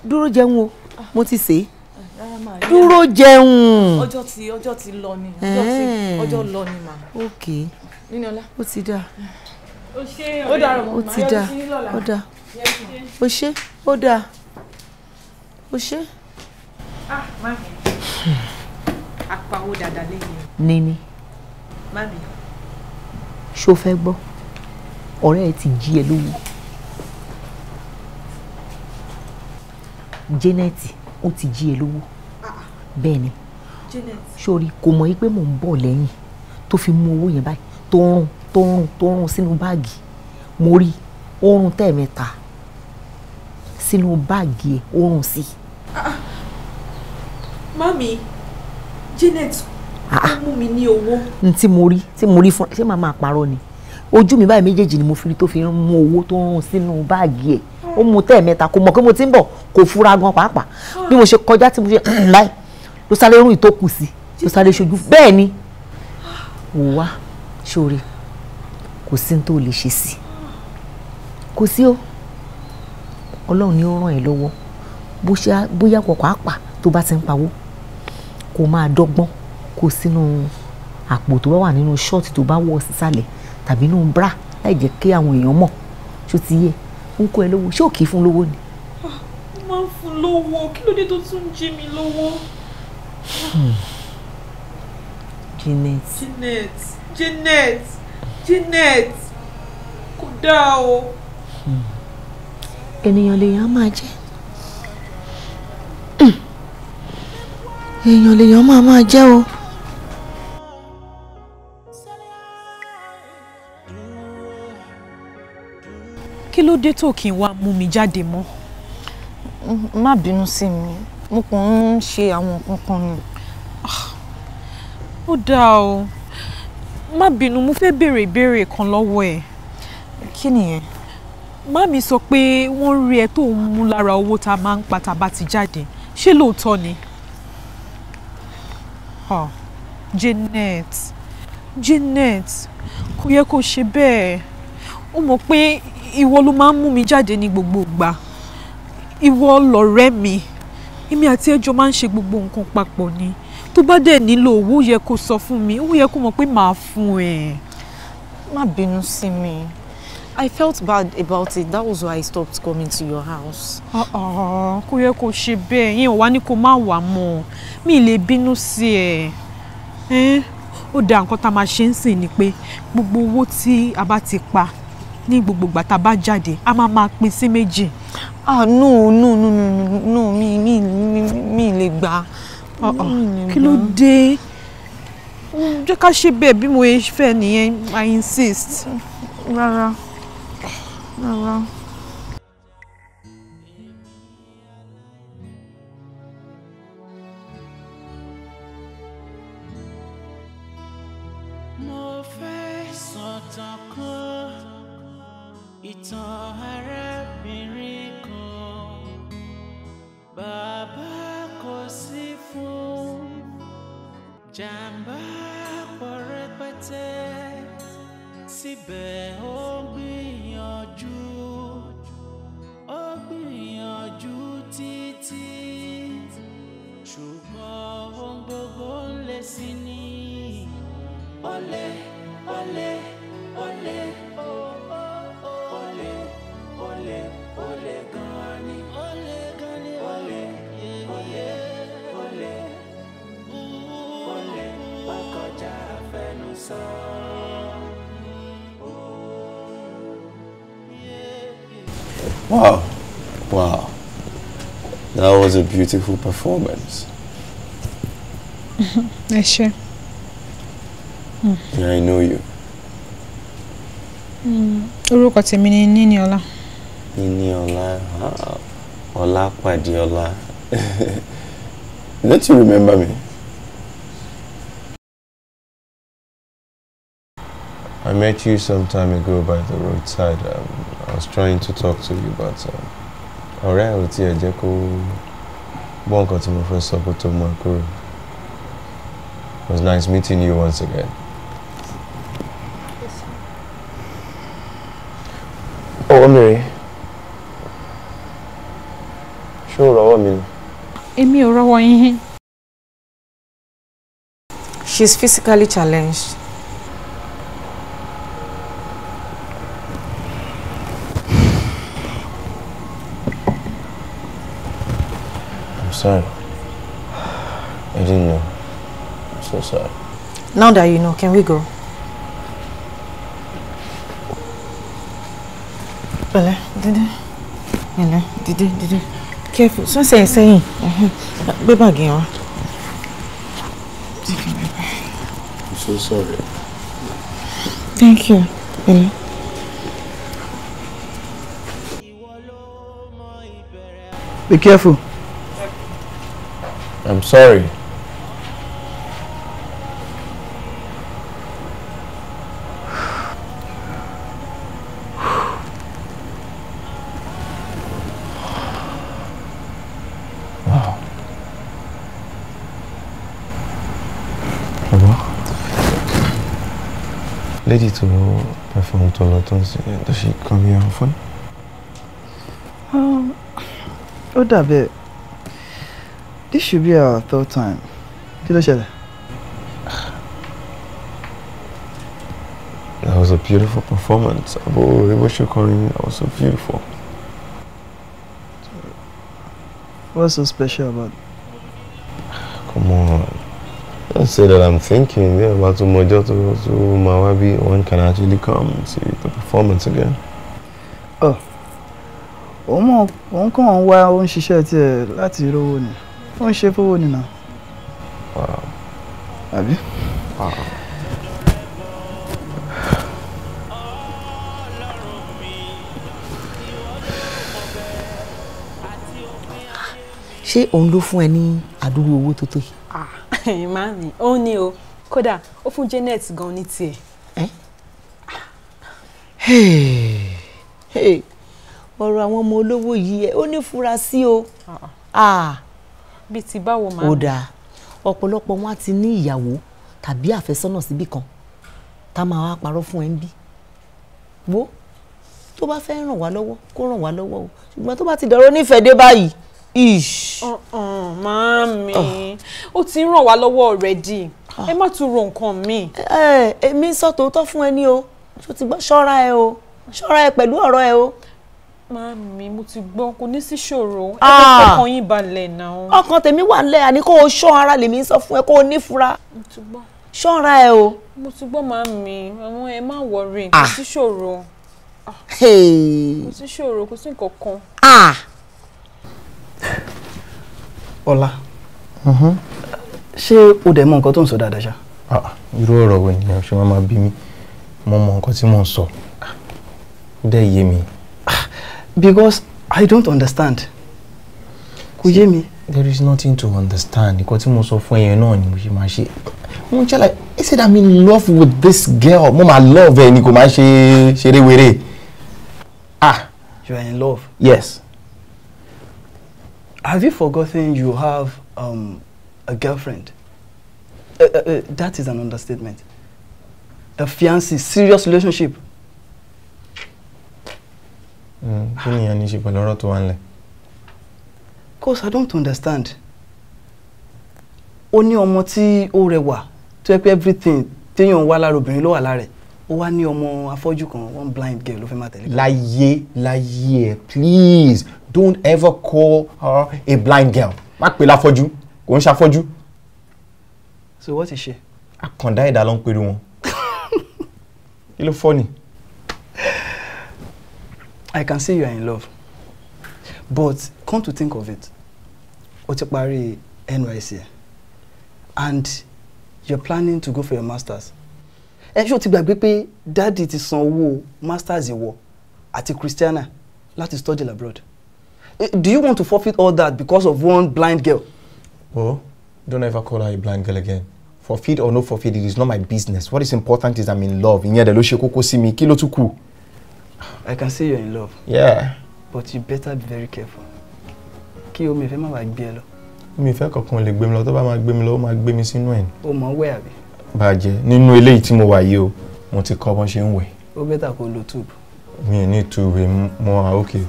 dúró jẹun o ah. mo ti sè é ah, dúró jẹun. ọjọ́ ti ọjọ́ ti lọ ni ọjọ́ ti ọjọ́ lọ ni mà. ok Níníọlá ó ti dà ó ṣe ó dà ó ti dà ó dà ó ṣe ó dà ó ṣe. ah mami apá owó dáadáa lẹ́yìn. Níní. mami. ṣó fẹ́ gbọ́ ọ̀rẹ́ ẹ ti jí ẹ lówó Janet ó ti jí ẹ lówó ah. bẹ́ẹ̀ ni sori kò mọ̀ yí pé mò ń bọ̀ lẹ́yìn tó fi mú owó yẹn báyìí tó ń rún tó ń rún tó ń rún sínú báàgì mo rí ó ń sínú báàgì ẹ̀ ó sí. Ah, ah. mami Janet ó mú mi ní owó. n tí mo rí tí mo rí fún ṣé màá máa parọ́ ni ojú mi báyìí méjèèjì ni mo fi rí tó fi ń mú owó tó ń rún sínú báàgì ẹ̀ ó mú tẹ́ẹ̀mẹ́ta kò mọ̀ pé mo ti ń bọ̀ kò fura gan pàápàá ah. bí mo ṣe kọjá tí mo ṣe láì hmm, ló sáré rún ìtókù sí ló sáré ṣojú bẹ́ẹ̀ ni wò wá ṣòre kò sí tó lè ṣe sí kò sí o ọlọ́run ni ó ràn ẹ́ lọ́wọ́ bóyá wọ̀ pàápàá tó bá ti ń pawó kó máa dọ́gbọ́n kó sínú àpò tó bá wà nínú ṣọ́ọ̀tì tó bá wọ̀ sísàlẹ̀ tàbí inú bra láì jẹ́ kí àwọn èèyàn mọ̀ ṣó ti yé ń kó ẹ lówó ṣé ò kì í fún lówó ni. mo ah, máa ń fún lówó kí ló dé tó tún ń jí mi lówó. Hmm. Janet. Janet Janet Janet kò dáa o. Hmm. ènìyàn lèèyàn máa jẹ́ hmm. èèyàn lèèyàn máa máa jẹ́ o. kí ló dé tó kí n wá mú mi jáde mọ́. má bínú sí mi mo kàn ń ṣe àwọn nǹkan kan ni. ó dáa o má bínú mo fẹ́ béèrè ìbéèrè kan lọ́wọ́ ẹ̀. kí nìyẹn. mami sọ pé wọ́n ń rí ẹ tó ń mú lára owó tá máa ń pa tá bá ti jáde ṣé lóòótọ́ ni. Oh, Janet kò yẹ kó ṣe bẹ́ẹ̀ ó mọ̀ pé ìwọ ló máa ń mú mi jáde ní gbogbo ìgbà ìwọ lọ̀rẹ́ mi èmi àti ẹjọ́ máa ń ṣe gbogbo nǹkan papọ̀ ni tó bá dẹ̀ nílò owó yẹ kó sọ fún mi ó yẹ kó mọ̀ pé màá fún ẹ. má bínú sí mi I felt bad about it that was why I stopped coming to your house. Uh-uh. kò yẹ kó ṣe bẹ́ẹ̀ yẹn wá ní kó má wà mọ́ mi lè bínú sí ẹ ó da nǹkan tá a máa ṣe ń sìn ni pé gbogbo owó tí a bá ti pa ní gbogbo ìgbà tá a bá jáde a máa máa pín sí méjì ah no no no no no mi mi mi lè gbà kí ló dé jẹ́ ká ṣe bẹ́ẹ̀ bí mo fẹ́ nìyẹn i insist rárá rárá. jàǹbá pọ̀rẹ́ pẹ́tẹ́ síbẹ̀ ó gbìyànjú ó gbìyànjú títí ṣùgbọ́n ohun gbogbo ń lé sí ni olè olè olè oh, oh, oh, olè olè olè gan-an. Wow, wow. That was a beautiful performance. I sure. Mm. Yeah, I know you. Hmm. Orúkọ tèmi ni Níníọlá. Níníọlá, Ọlápàdéọlá. Don't you remember me? I met you some time ago by the roadside. Um, I was trying to talk to you, but um, ọ̀rẹ́ ò tiẹ̀ jẹ́ kó gbọ́ nǹkan tí mo fẹ́ sọ kó tó It was nice meeting you once again. oh, Mary. sure, I rọwọ́ mi ni? Èmi ò rọwọ́ yín. She's physically challenged. sorry. I didn't know. I'm so sorry. Now that you know, can we go? Bele, did it? Bele, did it? Did it? Careful. So say, say. Be back here. I'm so sorry. Thank you, Bele. Be careful. I'm sorry. lady to perform to London, does she come here often? Um, ó dà bit? This should be our third time. Kí ló ṣẹlẹ̀? That was a beautiful performance. Abo Ebo Shokorin, that was so beautiful. What's so special about it? Come on. Don't say that I'm thinking yeah, about Umojo to, to Mawabi. one can actually come and see the performance again? Oh. oh Òun kàn wá ó ń ṣiṣẹ́ tiẹ̀ láti rówó ni wọ́n ṣe fowó nìna. àbí. ṣé òun ló fún ẹ ní àdúgbò owó tó tó yìí. Ah, màámi ó ní o kódà ó fún Janet gan ní tiẹ̀. ọ̀rọ̀ àwọn ọmọ olówó yìí ẹ ó ní fura sí o. Ah. ah. ah bíi ti báwo máa. ó dáa ọ̀pọ̀lọpọ̀ wọn á ti ní ìyàwó tàbí àfẹ́sọ́nà síbì kan tá a máa wá parọ́ fún ẹ ń bí wo tó bá fẹ́ ràn wá lọ́wọ́ kó ràn wá lọ́wọ́ o ṣùgbọ́n tó bá ti dọ̀rọ̀ nífẹ̀ẹ́ dé báyìí ish. Màámi, ó ti ń ràn wá lọ́wọ́ already. Ah. Ẹ má tún ro nǹkan mi. Èmi sọ tòótọ́ fún ẹ ní o, ṣó ti gbọ́ ṣọ́ra ẹ o, ṣọ́ra ẹ pẹ̀lú ọ̀rọ̀ ẹ o. Mami, mo ti gbọ́, kò ní sí ṣòro. Ẹ kọ́ ah. ọkàn yín balẹ̀ náà. Ọkàn tèmi wà lẹ́ àní kó o ṣọ́ ara lèmi sọ fún ẹ kó o nífura. Mo ti gbọ́. Ṣọ́ra ẹ o. Mo ti gbọ́ màmí, àwọn ẹ má wọrí, ah. ah. kò sí ṣòro. Kò sí ṣòro, kò sí nǹkan kan. Ọlá, mhm. ṣé o dẹ̀ mọ nǹkan tó ń sọ dáadáa ṣá? Irú ọ̀rọ̀ wo ni ṣé wọ́n máa bí mi? Mo mọ nǹkan tí mò ń sọ. Ó yé mi because I don't understand kò yé mi. there is nothing to understand nǹkan tí mo sọ fún ẹyẹ náà ni mo ṣe máa ṣe mo ń ṣẹlẹ he said i'm in love with this girl mo máa love ẹ ni kò máa ṣe ṣeré-wéré ah. you are in love. yes. have you forgotten you have um, a girlfriend uh, uh, uh, that is an understatement a fiancé serious relationship. Mm, kí nìyẹn ní í ṣe pẹ̀lú ọ̀rọ̀ tó i don't understand ó ní ọmọ tí ó rẹwà tó yẹ pé everything téèyàn wá lára obìnrin ló wà lára ẹ̀ ó wá ọmọ afọ́jú kan one blind girl ló fẹ́ máa tẹ̀lé. láyé láyé please don't ever call her a blind girl má pè láfọ́jú kò ń ṣàfọ́jú. so what is she. àkàndá ẹ̀dá ló ń pèrè wọn kí ló fọ́ ni. I can see you are in love. But come to think of it, Otepari NYC, and you're planning to go for your masters. Ẹ ṣó ti gbàgbé pé dáàdì ti san owó masters ìwọ àti Christiana láti study abroad. Eh, do you want to forfeit all that because of one blind girl? Well, oh, don't ever call her a blind girl again. Forfeit or no forfeit, it is not my business. What is important is I'm in love. Ìyẹn dẹ̀ ló ṣe kókó sí mi. Kí ló tún kù? I can see you're in love. Yeah. But you better be very careful. Kí omi ìfẹ́ má bàa gbé ẹ lọ. Omi ìfẹ́ kankan lè gbé mi lọ tó bá máa gbé mi lọ ó máa gbé mi sínú ẹ̀. O mọ̀ wẹ̀ àbí? Bàjẹ́ nínú eléyìí tí mo wà yìí o, mo ti kọ́ bọ́n ṣe ń wẹ̀. Ó bẹ́tà kó lo tube. Mi ò ní tube mo wà Okay.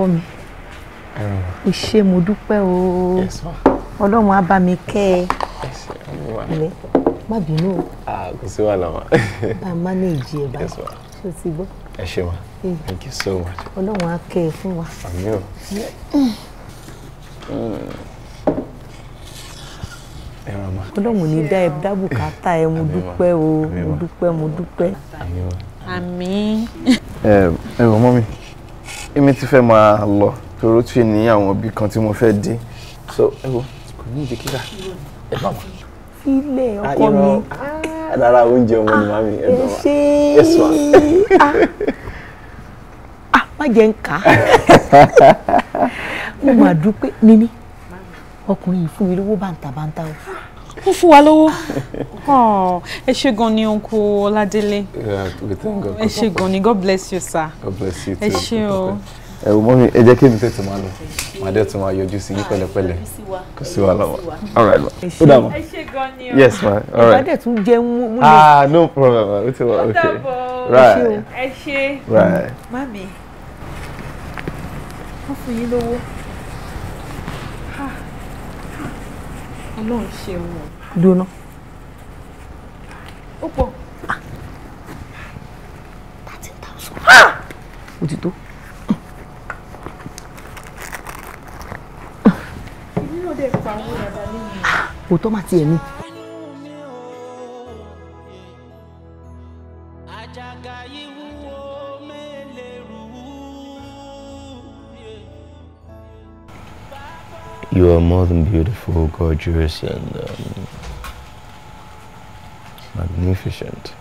ọkọ mi o ṣé mo dúpẹ́ o ọlọ́run á bá mi kẹ́ ẹ ilẹ̀ má bínú o. kò sí wàhálà wa. bá a manage ẹ bá ṣe o ti gbọ́. ẹ ṣé wa thank you so much. ọlọ́run á kẹ́ ẹ fún wa. àmín o. ọlọ́run ní dá ẹ dábò ká tá ẹ mo dúpẹ́ o mo dúpẹ́ mo dúpẹ́. àmín. ẹ ẹ wọ mọ́ mi èmi ti fẹ́ máa lọ tòró tì ní àwọn ibì kan tí mo fẹ́ dín so ẹ wo kò ní ìdí kíkà ẹ bá wà. filẹ̀ ah, ọkọ mi rárá ah, oúnjẹ ọmọ ni màmí ẹ ah, bá wà ẹ sọ à má jẹ́ ń kà á mo mà dúpẹ́ níní ọkùnrin yìí fún mi lówó bàǹtàbàǹtà o wọ́n fún wa lówó oh, ẹ ṣé gan ni onko Ọládélé ẹ ṣé gan ni God bless you sir God bless you too ẹ ṣé o. ẹ wò mọ́mi ẹ jẹ́ kí èmi tètè máa lọ màá dẹ̀ tún máa yọjú sí yín pẹ̀lẹ́pẹ̀lẹ́ kò sí wàhálà wa all right ma ó dà mọ́ yes ma all right. ìbádẹ́ tún jẹ́ mú mi. ah no problem ma ó ti wà ok right ẹ ṣé right. mami wọ́n fún yín lówó. Ọlọ́run ṣe wọ̀. Dúná. Ó pọ̀. Ah. Thirteen thousand. Ah! Ó ti tó. Òtọ́ máa ti ẹ̀ ní. You are more than beautiful, gorgeous, and um, magnificent.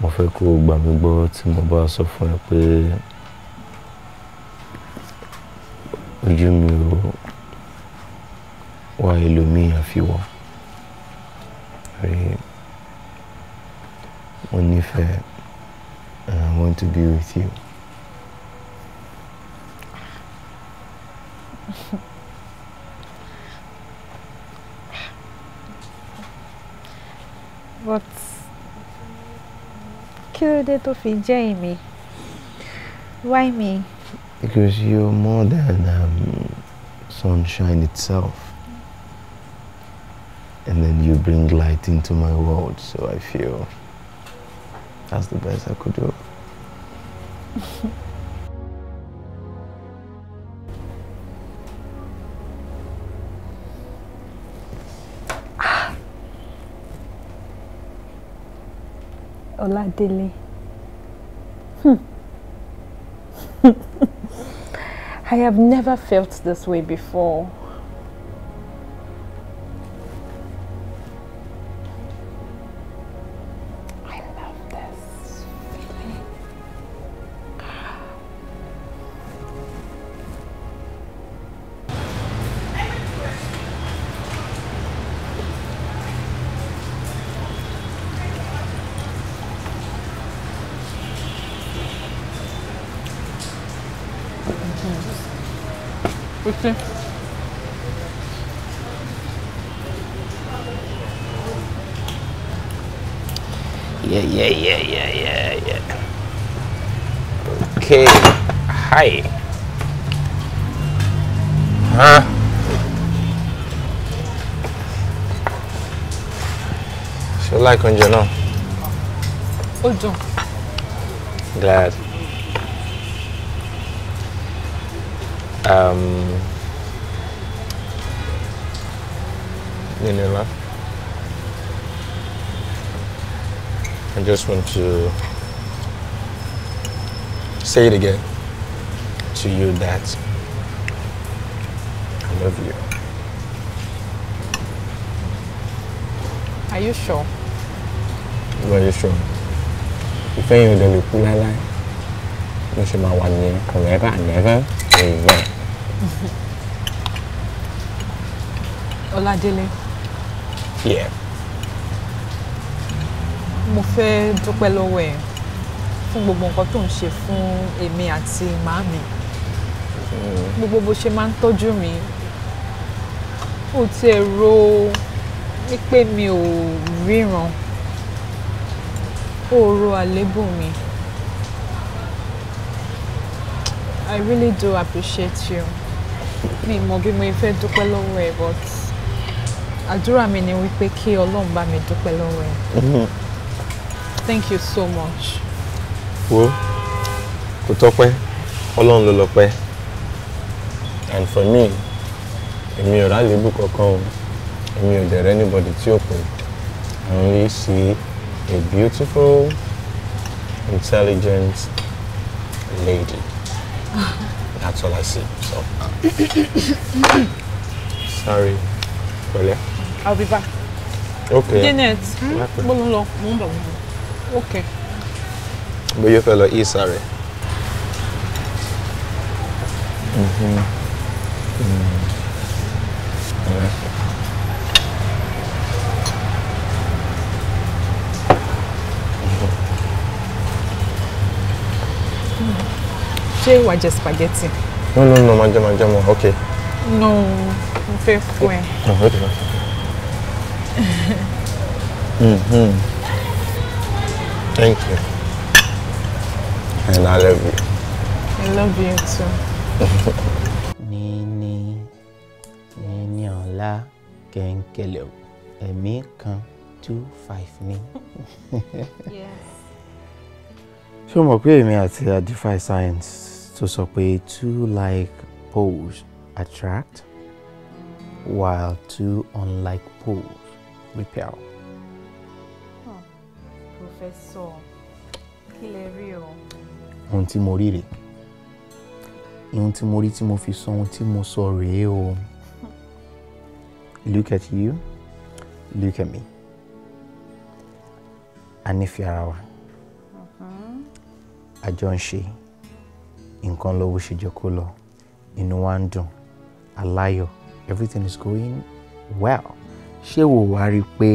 Mo fẹ́ kó o gbà mí gbọ́ tí mo bá sọ fún ẹ pé ojú mi ò wá ẹlòmíì àfiwọ́. Mo nífẹ̀ẹ́ and I want to be with you. What's the toffee, Jamie? Why me? Because you're more than um, sunshine itself. And then you bring light into my world, so I feel that's the best I could do. Oladele. Hmm. I have never felt this way before. You náà. Oh, dùn. glad. Um, know. I just want to say it again to you that I love you. Are you sure? very sure ìfẹ́ yẹn ò dẹ̀ lè kú láéláé mo ṣe máa wà nìyẹn forever and ever amen. Ọládélé. Yeah. mo fẹ́ dúpẹ́ lọ́wọ́ ẹ̀ fún gbogbo nǹkan tó ń ṣe fún èmi àti màámi gbogbo bó ṣe máa ń tọ́jú mi ó ti ẹ̀ ro wípé mi ò ríran òòró àlébù mi. I really do appreciate you. Mi mọ̀ bí mo fẹ́ dúpẹ́ lọ́wọ́ ẹ but àdúrà mi ni wípé kí Ọlọ́run bá mi dúpẹ́ lọ́wọ́ ẹ. Mhm. Thank you so much. Wo kò tọ́pẹ́ Ọlọ́run ló lọ́pẹ́ and for me èmi ò rálébù kankan o èmi ò dẹ̀rẹ́ anybody tí ò pè I only see a beautiful, intelligent lady. That's all I see. So sorry, Olia. I'll be back. Okay. Janet, hmm? Okay. But your fellow is sorry. Mm-hmm. ṣé wàá jẹ spaghetti. no no no máa jẹ máa jẹ mọ ok. no mo fẹ́ fún ẹ. Ah, hmm, hmm. thank you and i love you. i love you too. níní níní ọ̀la kẹ́ńkẹ́lẹ́ ẹ̀mí kan two five ni. yes ṣé o mọ̀ pé èmi àti àdífà science tó sọ pé two like poles attract while two unlike poles repel. Hmm. professor kí lè rí o. ohun tí mo rí rèé ohun tí mo rí tí mo fi sọ ohun tí mo sọ rèé o. look at you look at me a nífẹ̀ẹ́ ara wa àjọ mm-hmm. ń ṣe nǹkan lọ bó ṣe jẹ́ kó lọ inú wa ń dùn aláyọ̀ everything is going well ṣé wò wá rí i pé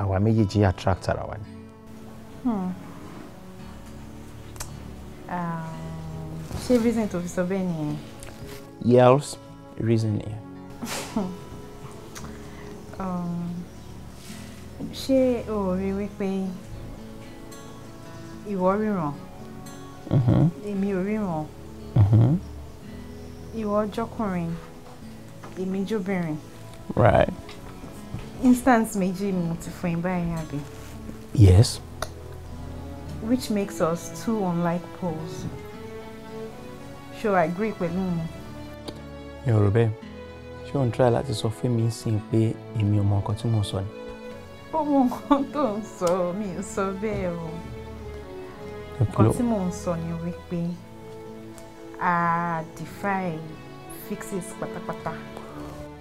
àwa méjèèjì attract ara wa ni. Hmm. Ah, ṣé reason tó fi sọ bẹ́ẹ̀ nìyẹn. yes reason nìyẹn. Um, ṣé o rí wípé ìwọ ríran. Mm-hmm. èmi ò ríran mm-hmm. ìwọ ọjọ́kùnrin èmi jóbìnrin instance méjì ni mo ti fún yín báyìí àbí. yes. which makes us two unlike poles ṣé I agree pẹ̀lú mi. mi ò rò bẹ́ẹ̀ ṣé òun try láti sọ fún mi sí i pé èmi ò mọ nǹkan tí mò ń sọ ni. ó mọ nǹkan tó ń sọ mi ò sọ bẹ́ẹ̀ o nǹkan tí mò ń sọ ni wípé a defy fixes pátápátá.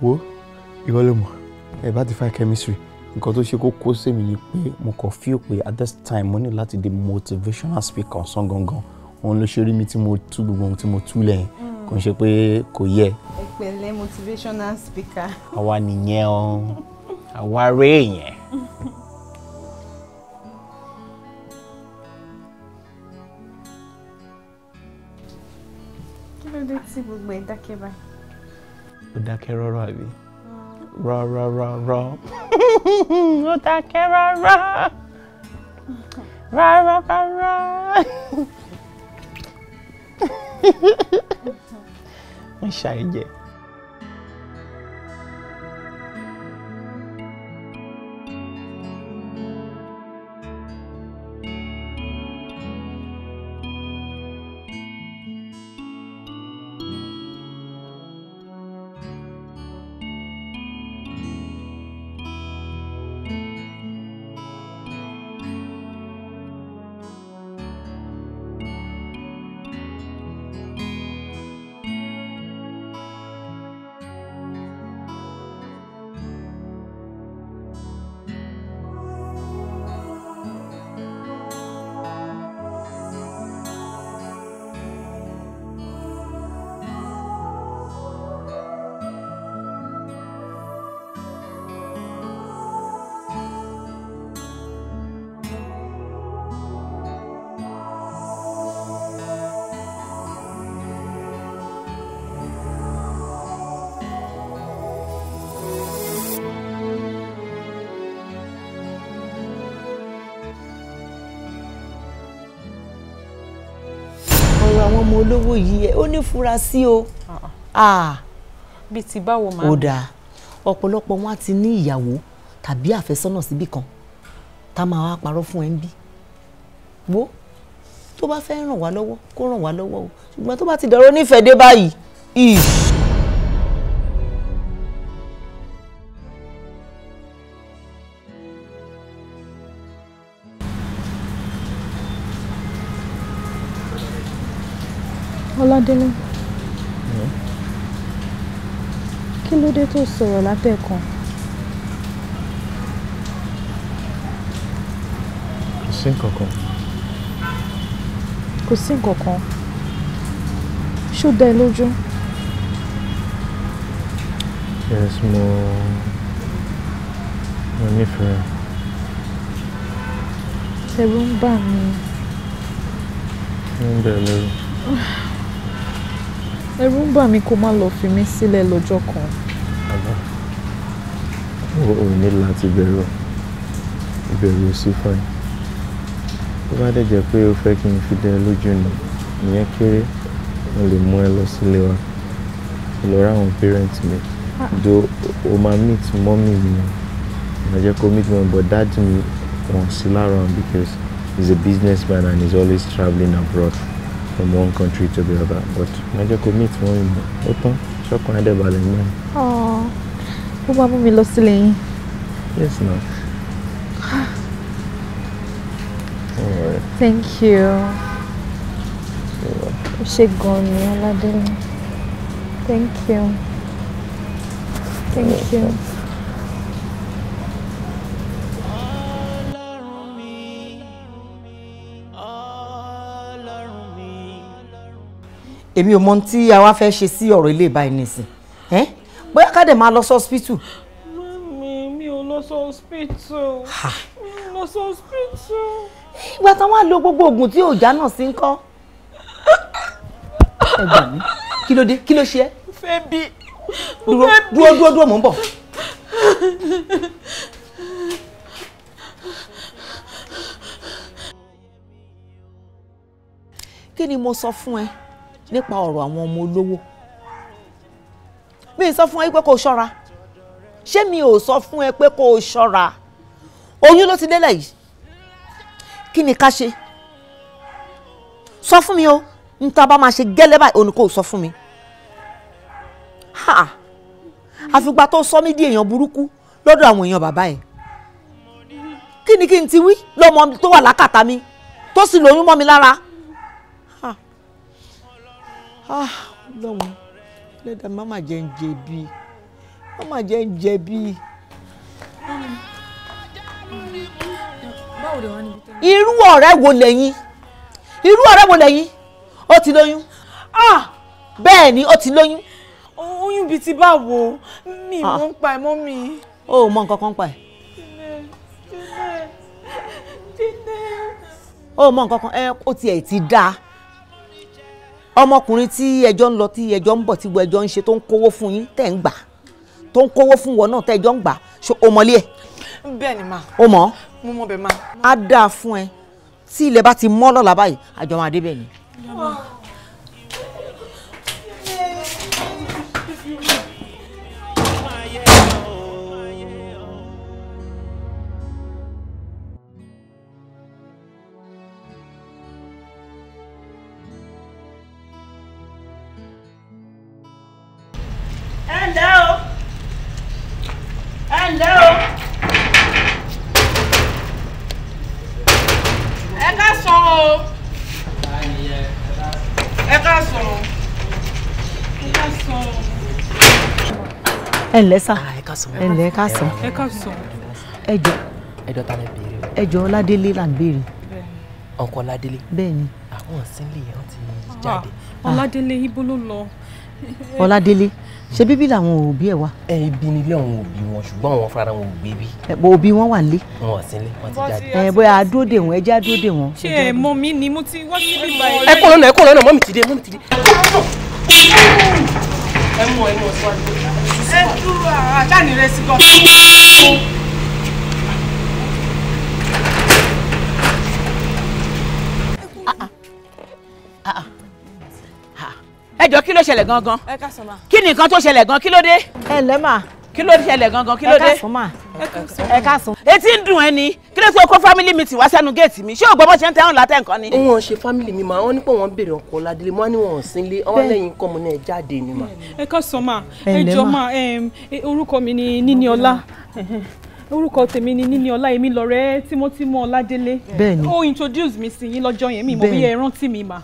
wo irọ́ ló mọ̀ ẹ bá defy chemistry nǹkan tó ṣe kókó sèmi ni pé mo kàn feel pé at this time mo ní láti di motivational speaker ọ̀sán gangan òun ló ṣe rí mi tí mo tú gbogbo ohun tí mo tú lẹ́yìn hmm. kò ń ṣe pé kò yẹ. ẹ motivational speaker. àwa nìyẹn o àwa rèé yẹn. dé tí gbogbo ẹ̀ dákẹ́ báyìí. ó dákẹ́ rọ́rọ́ àbí rọ́rọ́rọ́rọ́ ó dákẹ́ rọ́rọ́ rọ́rọ́rọ́rọ́. ń ṣàìjẹ́. ariwo yìí ó ní fura sí o. Ah, ah. Ah. bí ti báwo máa. ó dáa ọ̀pọ̀lọpọ̀ wọn á ti ní ìyàwó tàbí àfẹ́sọ́nà síbì kan tá máa wá parọ́ fún ẹ ń bí wo tó bá fẹ́ ràn wá lọ́wọ́ kó ràn wá lọ́wọ́ o ṣùgbọ́n tó bá ti dọ̀rọ̀ nífẹ̀ẹ́ dé báyìí. Adélé. Kí ló dé tó sọ̀rọ̀ látẹ̀kàn? Kò sí nǹkan kan. Kò sí nǹkan kan. Ṣó dá lójú? Yes, mo mo nífẹ̀ẹ́. Ẹ̀rù ń bà mí. Ń bẹ̀rẹ̀ lẹ́rù. ẹ̀rù ń bà mí kó má lọ fi mí sílẹ̀ lọ́jọ́ kan. àbá o ní láti bẹ̀rù ìbẹ̀rù sí fún ẹ tó bá dẹ̀ jẹ́ pé o fẹ́ kí n fi dẹ lójú ni ìyẹn kéré mo lè mú ẹ lọ sílé wa lọ rá àwọn mi ah. do o máa meet mọ́mì mi ìyẹn jẹ́ kó meet mọ́mì but dad mi wọ́n sí lára because he's a businessman and he's always travelling abroad from one country to the other but má jẹ́ kó meet wọn ìmọ̀ ó tán ṣọ́kùn adébàlẹ̀ mọ́ ẹ̀. ó máa mú mi lọ sílé yes na. thank you. ó ṣe gan thank you thank you. èmi ò mọ ohun tí a wá fẹ́ ṣe sí ọ̀rọ̀ ilé ìbáyìí nìsín bóyá ká dẹ̀ máa lọ sí hospital. mami mi ò lọ sí hospital mi ò lọ sí hospital. ìgbà táwọn á lo gbogbo oògùn tí òòjà náà sí ń kọ́. ẹ gbà mí kí ló dé kí ló ṣe é. mo fẹ́ bí. dúró dúró dúró mò ń bọ̀. kí ni mo sọ fún ẹ nípa ọ̀rọ̀ àwọn ọmọ olówó mi ò sọ fún ẹ pé kó ṣọ́ra ṣé mi ò sọ fún ẹ pé kó ṣọ́ra oyún ló ti délẹ̀ yìí kí ni ká ṣe sọ fún mi o n ta bá máa ṣe gẹ́lẹ́ báyìí òun kò sọ fún mi àfìgbà tó sọ mí di èèyàn burúkú lọ́dọ̀ àwọn èèyàn bàbá ẹ̀ kí ni kí n ti wí lọ́mọ tó wà lákàtà mi tó sì lóyún mọ́ mi lára. Ah, ọlọ́run lẹ́dà má má jẹ́ ń jẹ̀bi Mama má jẹ́ ń jẹ̀bi. irú ọ̀rẹ́ wo lẹ́yìn irú ọ̀rẹ́ wo lẹ́yìn ó ti lóyún ah! bẹ́ẹ̀ ni ó ti lóyún. oyún bíi ti bá wo mi ah. mò ń pa ẹ̀ mi. o ò mọ nǹkan kan pa ẹ̀. o ò mọ nǹkan kan ẹ ó tiẹ̀ ti dáa ọmọkùnrin tí ẹjọ́ ń lọ tí ẹjọ́ ń bọ̀ tí ẹjọ́ ń ṣe tó ń kówó fún yín tẹ̀ ń gbà tó ń kówó fún wọn náà tẹ̀ ẹjọ́ ń gbà ṣe o mọ̀lé ẹ̀. bẹ́ẹ̀ ni ma. o mọ̀. mo mọ̀ bẹ́ẹ̀ ma. a dáa fún ẹ tí ilẹ̀ bá ti mọ́ lọ́la báyìí àjọ máa dé ni. ẹ ǹlẹ́ sà ẹ ǹlẹ́ ká sàn ẹ ká sàn ẹ jọ ẹ jọ ta lẹ béèrè o ẹ jọ ládélé là ń béèrè ọkọ ládélé bẹ́ẹ̀ àwọn sílẹ̀ yẹn ti jáde. ọládélé ibo ló lọ. ọládélé ṣe bíbí làwọn òbí ẹ wa. ẹ ibi nílé àwọn òbí wọn ṣùgbọ́n àwọn fara wọn ò gbé bí. òbí wọn wà nílé. wọn ò sílé wọn ti jáde. ẹ bóyá adóde wọn ẹ jẹ́ adóde wọn. ṣé ẹ mọ mi ni mo ti wá síbí báyìí. ẹ kọ́ lọ́nà ẹ kọ́ lọ́nà mọ́ mi ti dé mọ́ ti dé. ẹ mú ẹ mú ọ síwájú ẹ dúró àjánirẹ́sì gan. ẹ jọ kí ló ṣẹlẹ̀ gangan kí ni nǹkan tó ṣẹlẹ̀ gan kí ló dé. ẹ lẹ́mà kí ló ṣẹlẹ̀ gangan kí ló dé. ẹ ká sùn mà ẹ ká sùn. etí ń dùn ẹ ni kí ló tó kó family mi tì wá sẹ́nu géètì mi ṣé o gbọ́ bó ṣe ń tẹ́wọ̀n látẹ̀ nǹkan ni. wọn ṣe family mi máa wọn ní pé wọn béèrè ọkọ ládìlẹ wọn ní wọn ò sí ilé ọmọ lẹ́yìn kọmọ náà jáde ni mà. ẹ ká sùn mà ẹ jọ mà e, orúkọ mi ni Níníọlá orúkọ tèmi ni Níníọlá èmi lọ̀rẹ́ tímọ́tímọ́ Ọládélé. bẹ́ẹ̀ni ó introduce mi sí yín lọ́jọ́ yẹn mi mọ̀ bí ẹ rántí mi mà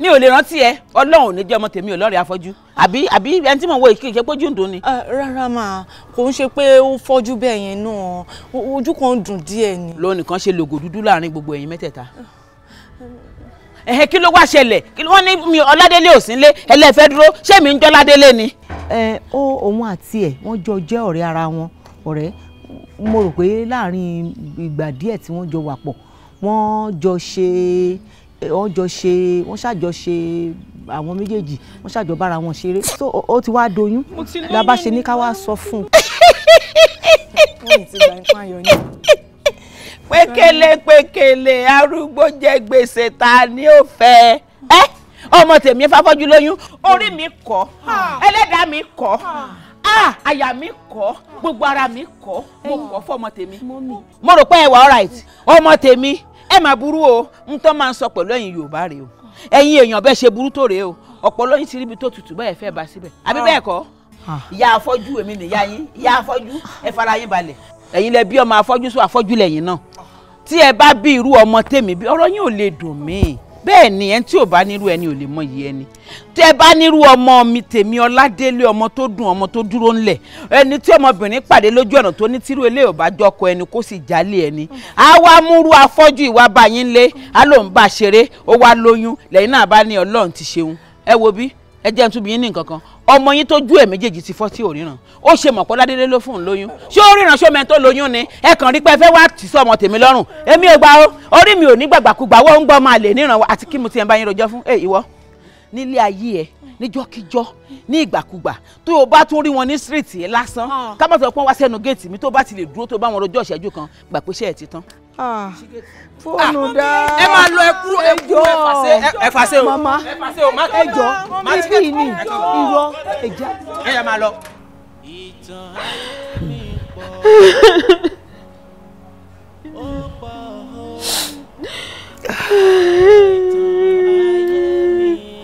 mi ò lè rántí ẹ ọlọ́run ò ní jẹ́ ọmọ tèmi ò lọ́rẹ̀ẹ́ afọ́jú àbí àbí ẹni tí mò ń wo ìkíni ṣe pójú ǹdùn ni. Ah, rárá mà kò ń ṣe pé ó fọ́jú bẹ́ẹ̀ yẹn náà ojú kan dùn díẹ̀ ni. lónìí kan ṣe lògò dúdú láàrin gbogbo ẹ̀yin mẹ́tẹ̀ẹ̀ta ẹ̀hẹ́ kí ló wá ṣẹlẹ̀ kí wọ́n ní mi ọládélé ò sí nlé ẹlẹ́fẹ́ dúró ṣé mi ń jọ́ ládélé ni. ẹ ó òun àti ẹ wọn jọ jẹ́ ọ̀rẹ́ ara wọn ọ̀rẹ́ mo rò pé láàrin ìgbà díẹ̀ tí wọ́n jọ wà pọ̀ wọ́n jọ ṣe wọ́n jọ ṣe wọ́n ṣàjọ ṣe àwọn méjèèjì wọ́n ṣàjọ bára wọn ṣeré so ó ti wá doyún la bá ṣe ní ká wá sọ fún un. pékélé pékélé arúgbó jẹ gbèsè ta ni ó fẹ́ ẹ ọmọ tèmi fáfọ́jú lóyún orí mi kọ́ ẹlẹ́dàá mi kọ́ àyà mi kọ́ gbogbo ara mi kọ́ mo kọ́ fọmọ tèmi mo rò pé ẹ wà all right ọmọ tèmi ẹ má burú o ń tọ́ máa ń sọ pẹ̀lú ẹ̀yin Yorùbá rèé o ẹ̀yin èèyàn bẹ́ẹ̀ ṣe burú tó rèé o ọ̀pọ̀lọ́ yín ti ríbi tó tutù bẹ́ẹ̀ fẹ́ bá síbẹ̀ àbí ah. bẹ́ẹ̀ kọ́ ah. ìyá afọ́jú èmi nìyá yín ìyá afọ́jú ẹ fara yín balẹ̀ ẹ̀yin lẹ bí ọmọ afọ́jú sọ afọ́jú lẹ́yìn náà tí ẹ bá bí irú ọmọ tèmi bí ọ̀rọ̀ yín ò lè dùn míì bẹ́ẹ̀ ni ẹni tí ò bá nírú ẹni ò lè mọ iye ẹni tẹ bá nírú ọmọ mi tèmi ọládélé ọmọ tó dùn ọmọ tó dúró ńlẹ̀ ẹni tí ọmọbìnrin pàdé lójú ọ̀nà tó ní tírú ilé ò bá jọkọ ẹni kó sì jálé ẹni àwa múrú afọ́jú ìwà báyìí ńlẹ̀ á lóun bá ṣeré ó wá lóyún lẹ́yìn náà bá ní ọlọ́run ti ṣeun ẹ wo bí ẹ jẹ́ n tún bí yín ní nǹkan kan ọmọ yín tó jú ẹ̀ méjèèjì ti fọ́ tí ò ríran ó ṣe mọ̀pọ́ ládélé ló fún un lóyún ṣé ó ríran ṣó mẹ́tò lóyún ni ẹ kàn rí pé ẹ fẹ́ wá tì ọmọ tèmi lọ́rùn èmi ò gbà ó orí mi ò ní gbàgbàkúgbà wọ́n ń gbọ́ máa lè níran àti kí mo ti ẹ̀ bá yín rojọ́ fún ẹ ìwọ nílé ayé ẹ níjọ́kíjọ́ ní ìgbàkúgbà tó o bá tún rí wọn ní sírìtì lásán ká má sọ pé wọ́n wá sẹ́nu géètì kan gbà pé Ah, ah, fóònù dá ẹ máa lọ ẹ kúrò ẹ kúrò ẹ fàṣẹ o mama ẹ jọ ẹbí ni irọ́ ẹja. ẹ yà máa lọ.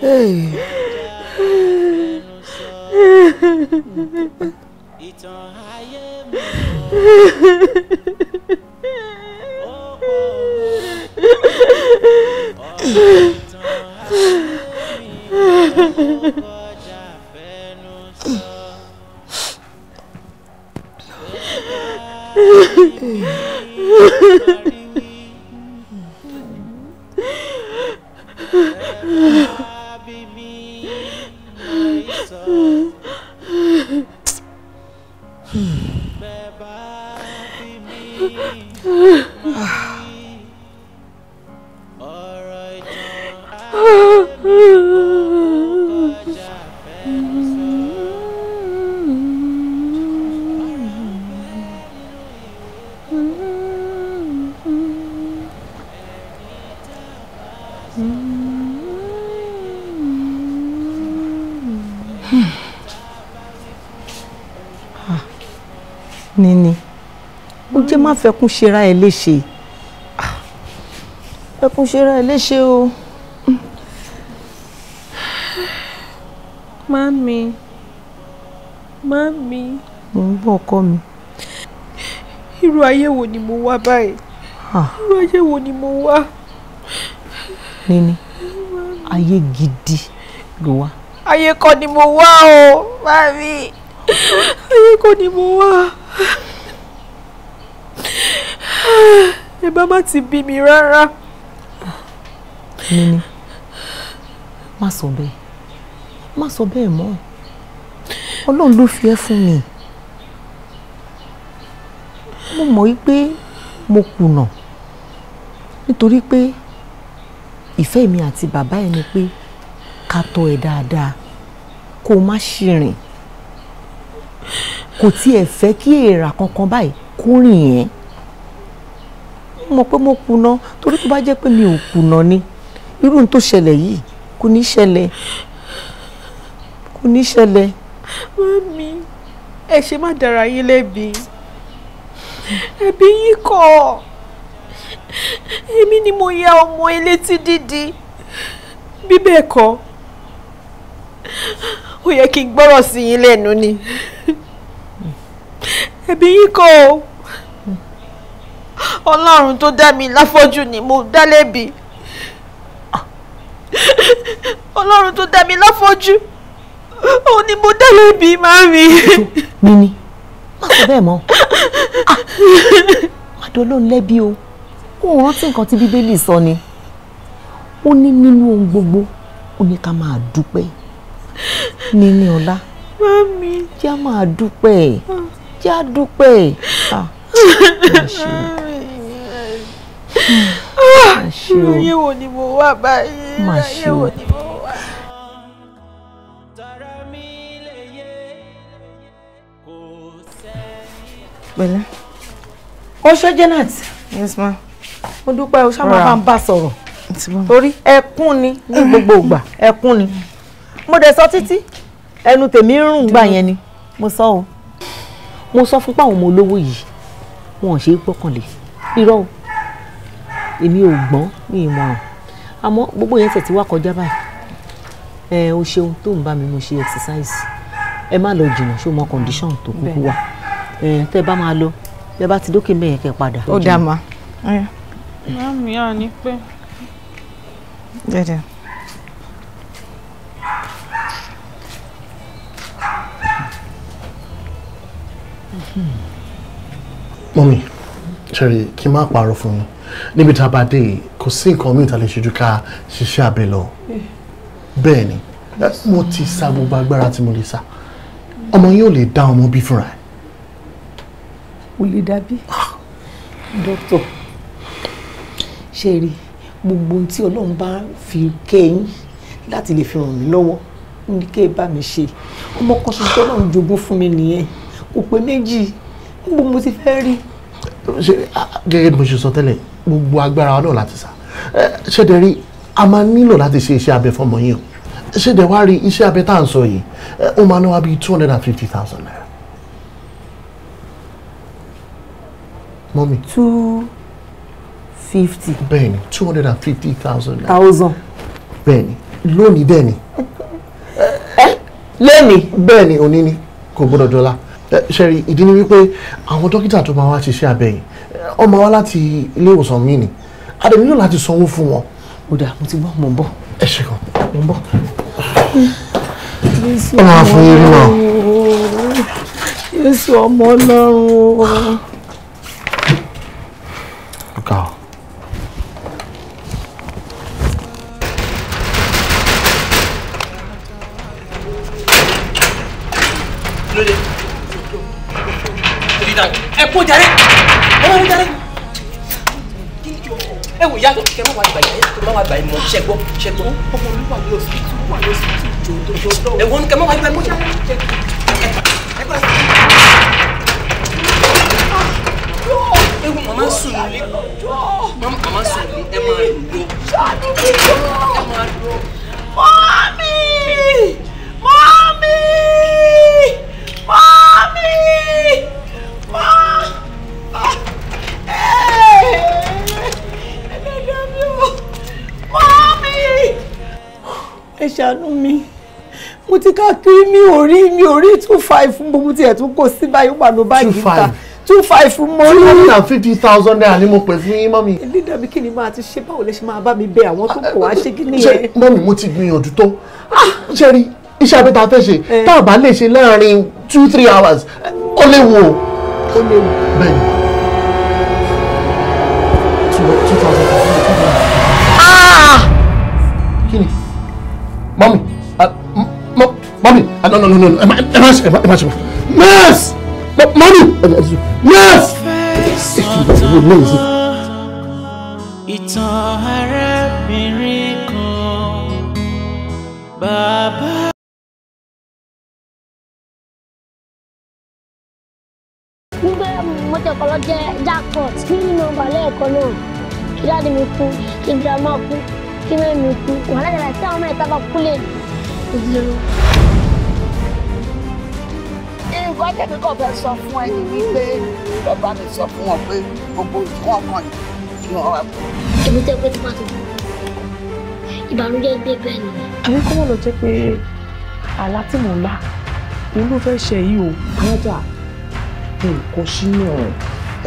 Hey. Ìtàn ayé mi. Yeah. má fẹkún ṣera ẹ léṣe fẹkún ṣera ẹ léṣe o. mami mami. mo ń bọ̀ ọkọ mi. irú ayé wo ni mo wá báyìí irú ayé wo ni mo wá. níní ayé gidi ló wá. ayé kọ́ ni mo wá o mami ayé kọ́ ni mo wá ẹ bá má ti bí mi rárá. Níní má sọ bẹ́ẹ̀ má sọ bẹ́ẹ̀ mọ́ Ọlọ́run ló fi ẹ́ fún mi mo mọ̀ wípé mo kùnà nítorí pé ìfẹ́ mi àti bàbá ẹ ni pé ká tọ́ ẹ dáadáa kó o má ṣìrìn kò tiẹ̀ fẹ́ kí èèrà kankan báyìí kó rìn yẹn mọ̀ pé mo kùnà torí tó bá jẹ́ pé mi ò kùnà ni irú n tó ṣẹlẹ̀ yìí kò ní ṣẹlẹ̀ kò ní ṣẹlẹ̀. mami ẹ ṣe má dára yín lẹ́bi ẹ̀bi yín kọ́ èmi ni mo ya ọmọ elétí dídi bí bẹ́ẹ̀ kọ́ ó yẹ kí n gbọ́rọ̀ sí yín lẹ́nu ni ẹ̀bi yín kọ́ o ọlọ́run tó dá mi láfọ́jú ni mo dá lẹ́bi ọlọ́run tó dá mi láfọ́jú òun ni mo dá lẹ́bi máa rí. Níní má sọ bẹ́ẹ̀ mọ́ má dolóhùn lẹ́bi o kó o rántí nǹkan tí bíbélì sọ ni ó ní nínú ohun gbogbo ó ní ká máa dúpẹ́ níní ọlá mami jẹ́ máa dúpẹ́ jẹ́ á dúpẹ́ ah irú ayé wo ni mo wà báyìí ayé wo ni mo wà. pẹ̀lẹ́ ó ṣe Janet. yes ma. mo dúpẹ́ o ṣáà máa bá ń bá sọ̀rọ̀ torí ẹkún ni ní gbogbo ìgbà ẹkún ni mo dẹ̀ sọ títí ẹnu tèmi ń rùn gbà yẹn ni mo sọ o mo sọ fún pàwọn ọmọ olówó yìí wọn ò ṣe é gbọ́kànlé irọ́ o èmi ò gbọ́n ní ìmọ̀ràn àmọ́ gbogbo yẹn tẹ̀tí wá kọjá báyìí ẹ o ṣeun tó ń bá mi mo ṣe exercise ẹ má lọ jìnnà ṣó mọ condition tó kúkú wa ẹ tẹ bá máa lọ bẹ bá ti dókè mẹyẹ kẹ padà. ó dá ma. mami a ní pé. dẹ́dẹ̀. mọ́mí cherry kí n má parọ́ fún un níbi tá a bá dé kò sí nǹkan míì tá a lè ṣojú ká ṣiṣẹ́ abẹ lọ bẹ́ẹ̀ ni mo ti sa gbogbo agbára tí mo lè sa ọmọ yóò lè dá ọmọ bí fúnra ẹ̀. o lè dàbí dókítà ṣe rí gbogbo ohun tí ọlọ́run bá fi kẹ́yìn láti lè fi ràn mí lọ́wọ́ ní kí ẹ bá mi ṣe ọmọ kan ṣoṣo ọlọ́run jogún fún mi nìyẹn kò pé méjì gbogbo mo ti fẹ́ rí ṣe gẹ́gẹ́ bí mo ṣe sọ tẹ́lẹ̀ gbogbo agbára wa náà láti sá ṣẹ́dẹ̀ rí a máa nílò láti ṣe iṣẹ́ abẹ fọmọ yín o ṣẹ́dẹ̀ wá rí iṣẹ́ abẹ tá à ń sọ yìí ó máa ná wa bíi two hundred and fifty thousand naira. mọ́mí. two fifty. bẹ́ẹ̀ni two hundred and fifty thousand naira. thousand. bẹ́ẹ̀ni lónìí bẹ́ẹ̀ni. lónìí. bẹ́ẹ̀ni òní kò gbọ́dọ̀ dọ́là ṣẹ́rí ìdí ni wípé àwọn dókítà tó máa wá ṣiṣẹ́ abẹ yìí wọ́n máa wá láti ilé ìwòsàn mi ni a dẹ̀ nílò láti sanwó fún wọn. ó dà mo ti gbọ́ mo ń bọ̀. ẹ ṣe kàn mo ń bọ̀. ó máa fún yín rí wọn. Jésù ọmọ Ọlọ́run o. ẹ kó jàre ẹ máa ń jàre ẹ wò yàtọ̀ kẹ máa wà gbà yìí kẹ máa wà gbà yìí mọ ṣẹgbọ ṣẹgbọ ọmọ mi wà ní òsì tí wà ní òsì tí jò tó jò tó ẹ wọn kẹ máa wà gbà yìí mọ ṣẹgbọ ewu mama sùn nílé mama mama sùn nílé ẹ máa lò ẹ máa lò. mọ́mí mọ́mí mọ́mí mọ́mí. ṣàánú mi mo ti káàkiri mi ò rí mi ò rí two five fún gbogbo tiẹ̀ tún kò sí báyìí ó pàdé báyìí ta two five mo rí. two hundred and fifty thousand naira ni mo pè fún yín mọ́mí. ẹlẹ́dà mi kí ni máa ti ṣe báwo lẹ ṣe máa bá mi bẹ àwọn tó kọ̀ wá ṣé kí ni yẹn. mọ́mí mo ti gbìyànjú tó ah! ṣe rí iṣẹ́ abẹ́ ta fẹ́ ṣe eh. tá a bá lè ṣe láàrin two three hours ó léwu o. ó léwu. bẹ́ẹ̀ni. mọ́mì uh, mọ́mì uh, no no no no ẹ má ẹ má ṣe ẹ má ṣe nurse ìtàn arábìnrin kan bàbá. nígbà mo tẹ̀ jackpot kí nínú balẹ̀ ẹ̀kọ́ náà kí dáàdi mi kú kí girama kú kí mẹ́mi kú wàhálà dára tí àwọn mẹ́ta bá kú lè lò. nǹkan tẹ̀mí kò fẹ́ sọ fún ẹni wípé bàbá mi sọ fún wọn pé gbogbo ìwọ̀n kan yìí kí wọ́n wá kú. èmi tẹ́ pé tomato ìbànújẹ́ gbé bẹ́ẹ̀ ni. àwọn kọ́mọ̀ lọ jẹ́ pé àlá tí mò ń lá òun ló fẹ́ ṣe yìí o. àwọn ọjà sínú ọ̀rọ̀ nǹkan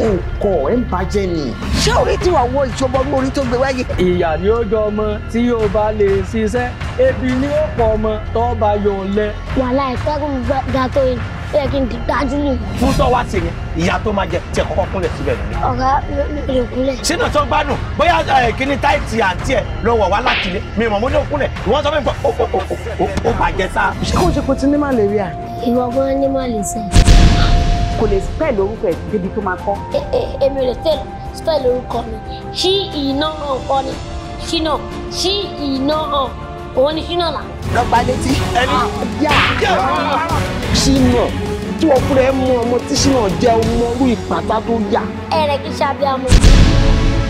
ẹ̀ ń bàjẹ́ ni. ṣé orí tí wàá wọ ìjọba orí tó gbé wáyé. ìyà ni ó jọ ọmọ tí yóò bá lè ṣiṣẹ́ ebi ni ó pọ̀ ọmọ tó bá yọ ọ lẹ. wàhálà ìtẹ́gùn ga tó yìí ẹ kí n ti dájú nù. fún tó wá sí ni ìyá tó máa jẹ tiẹ kọ́kọ́ kúnlẹ̀ síbẹ̀ ni. ọ̀gá mi lè kúnlẹ̀. sínú tó gbádùn bóyá kíní táìtì àǹtí ẹ ló wọ̀ wá láti ilé mi mọ̀ mo ní òkúnlẹ̀ ìwọ́n sọ fún mi pé ó ó ó ó bàjẹ́ sá. ṣé kò ṣe kò ti ní màlẹ́ríà. ìwọ gan ní màlẹ́sẹ̀ kò lè spell orúkọ ẹ̀ débi tó máa kọ́. èmi ò lè spell orúkọ mi ṣí iná hàn kọ́ ni ṣínà ṣí iná hàn òun ni ṣínà là. lọ́gbà létí. ẹni ah, yá ṣínà tí wọ́n fúnra ẹ̀ mú ọmọ tí ṣínà jẹ́ ọmọ orú ìpàtà tó yá. ẹ̀rẹ̀ kì í ṣe abiyamọ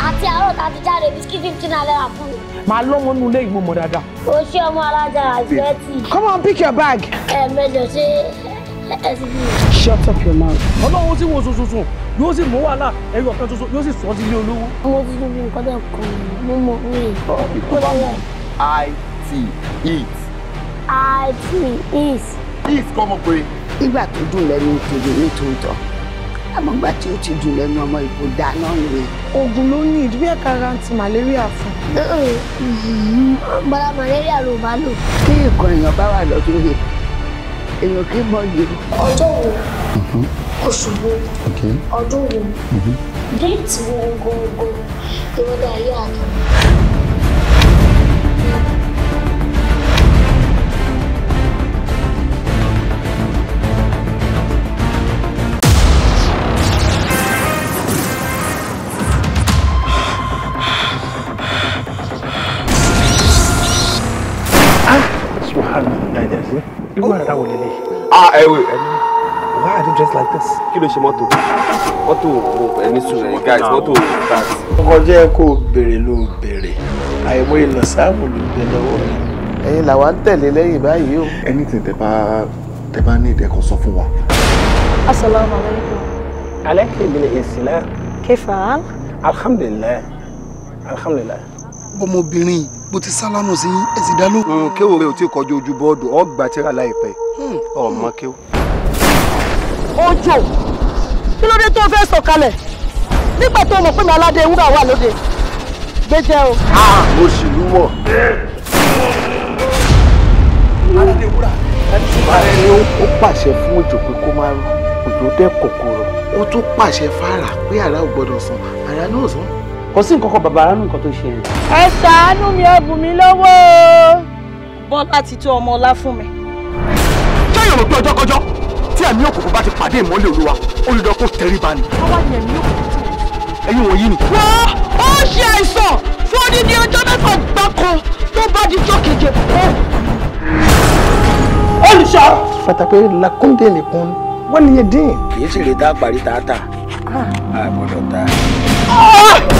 àti àárọ̀ tá a ti jáde bisikíìtì fifteen naira fún mi. màá lọ́wọ́ nu ilé ìgbìmọ̀ dáadáa. o ṣé ọmọ alájà àti bẹ́ẹ̀ tì. come on pick your bag. ẹ mẹjọ ṣe Shut up your mouth. Ọlọ́run tí wo sunsun yóò sì mú wàhálà ẹyọ kan tuntun yóò sì sọ sí ilé olówó. Mo ti ní nǹkan dẹ̀ kan mo mọ̀ mi. Ìpínlẹ̀ wọn. I-T eat. I-T eat. Eat kọ́ mo pe. Nígbà tó dùn lẹ́nu tèmi nítòótọ́, àmọ́gbà tí ó ti dùn lẹ́nu ọmọ ìbò dáná rèé. Oògùn ló ní ìdí bẹ́ẹ̀ kára ti màlẹ́ríà fún. Bọ́lá màlẹ́ríà ló bá lò. Kí nǹkan èèyàn bá wà lọ́dún yìí. en lo que es baño. Adobo. Uh -huh. Osubu. Okay. Adobo. Uh -huh. Blitz gongo. Todo de allá. Subhanallah, that's it. irú àrà wò lélẹ̀. ah eh, eh, ló ṣe mọ́tò mọ́tò eh, ló o béèrè àìmọ̀ ìlọ làwa ń tẹ̀lé lẹ́yìn báyìí o. anything tẹ bá tẹ bá ní ìdẹ́kọ̀ sọ fún wa. asalaamu alaykum. aleykum bil islam. kifal. alhamdulilayi alhamdulilayi ọmọbìnrin bó ti sálámù sí ẹ sì dá lóhùn. Hmm, kéwò rẹ ò tí ì kọjú ojú bọ́ọ̀dù ọgbà tíra láìpẹ́ hmm. ọmọ kéwò. ojo kí ló dé tó fẹ́ sọ̀kalẹ̀ nígbà tó mọ̀ pé mi aládé ewúrà wà lóde gbẹjẹ o. Ah, mo sì lú wọ. aládé ewúrà ẹni tí bàrẹ ni ó pàṣẹ fún òjò pé kó má rú òjò dẹ́ kòkòrò ó tún pàṣẹ fara, pé àrà ò gbọdọ̀ sùn àrà náà sùn kò sí nǹkan kan bàbá aránú nǹkan tó ṣe rẹ̀. ẹ ṣàánú mi ẹ bù mí lówó. bọ́lá ti tó ọmọ ọlá fún mi. sẹ́yìn rò pé ọjọ́ kọjọ́ tí ẹ̀mí òkùnkùn bá ti pàdé ìmọ́lẹ̀ olúwa olùdókòó tẹríba ni. wọ́n wá ní ẹ̀mí òkùnkùn tí ẹ̀yin wọ̀nyí ni. wọ́n ó ṣe àìsàn fún odidi ọjọ́ mẹ́fà gbáko tó bá di tó keje. olùṣọ́. pàtàkì lakúndé nìkan wọ́n ní yé dín. kì í sì lè dá parí tààtà àgbọ̀dọ̀ ah. ta. Ah!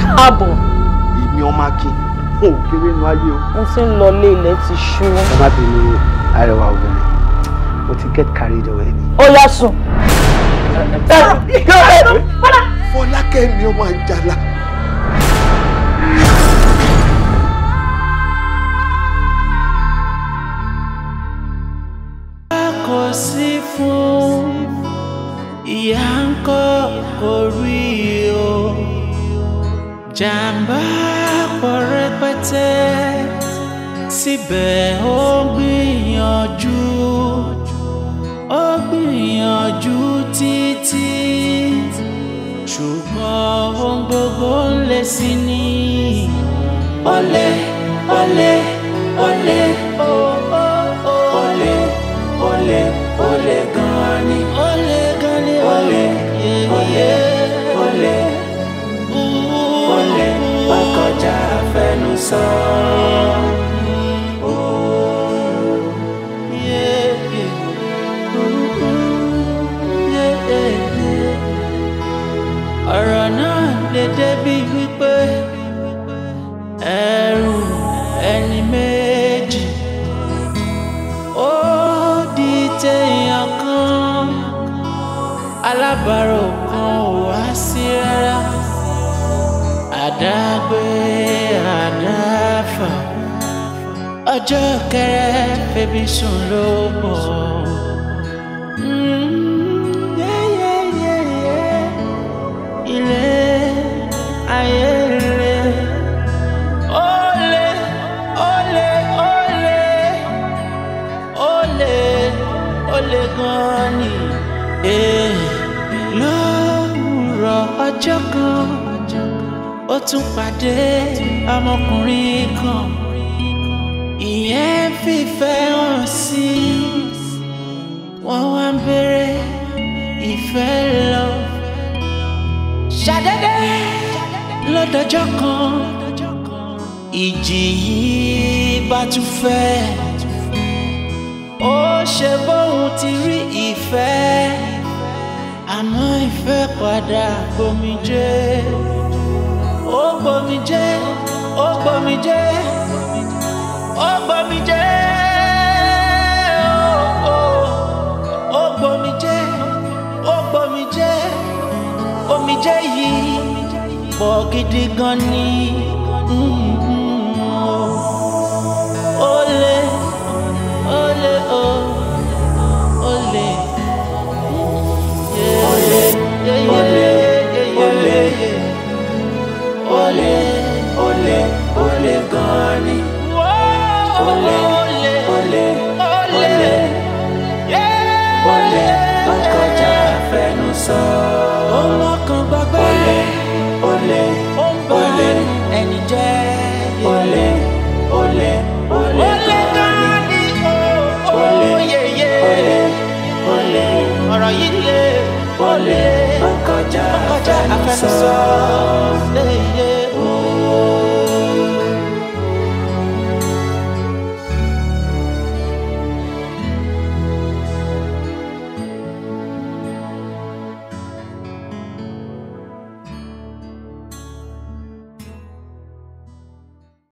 káàbọ̀. èmi ọmọ akin mo ò kéré inú ayé o. mo ti ń lọ ilé ilẹ̀ ti ṣú. ọmọ bìnrin arẹwà obìnrin mo ti get carried away ni. ó yá sùn. fọlákẹ́ mi ọmọ àjàlá. kò sí fún ìyá ń kọ́ orí o jàǹbá pọ̀ rẹpẹtẹ síbẹ̀ ó gbìyànjú ó gbìyànjú títí ṣùgbọ́n ohun gbogbo ń lé sí ni ó lé ó lé ó lé song. ọjọ́ kẹrẹ fẹ́bi sùn ló bọ̀. Mm, ilé ayé rẹ olè olè olè olè olè gan ni. Eh, lówùrọ̀ ọjọ́ kan ó tún pàdé ọmọkùnrin kan. tún fẹ́ ó ṣe bóun ti rí ìfẹ́ àmọ́ ìfẹ́ padà gbòmìjé ó gbòmìjé ó gbòmìjé ó gbòmìjé ó gbòmìjé ó gbòmìjé omijé yìí pọ̀ gidi gan ni. Mm. morning. Whoa, ole, ole, ole, ole, yeah, ole, ọkọjà àfẹnusọ. Ọmọ kan gbàgbé. Ole, ole, ole, ẹni jẹ́. Ole, ole, ole, ole káàdì o, oye ye. Ole, ole, ọ̀rọ̀ yìí le. Ole, ọkọjà àfẹnusọ.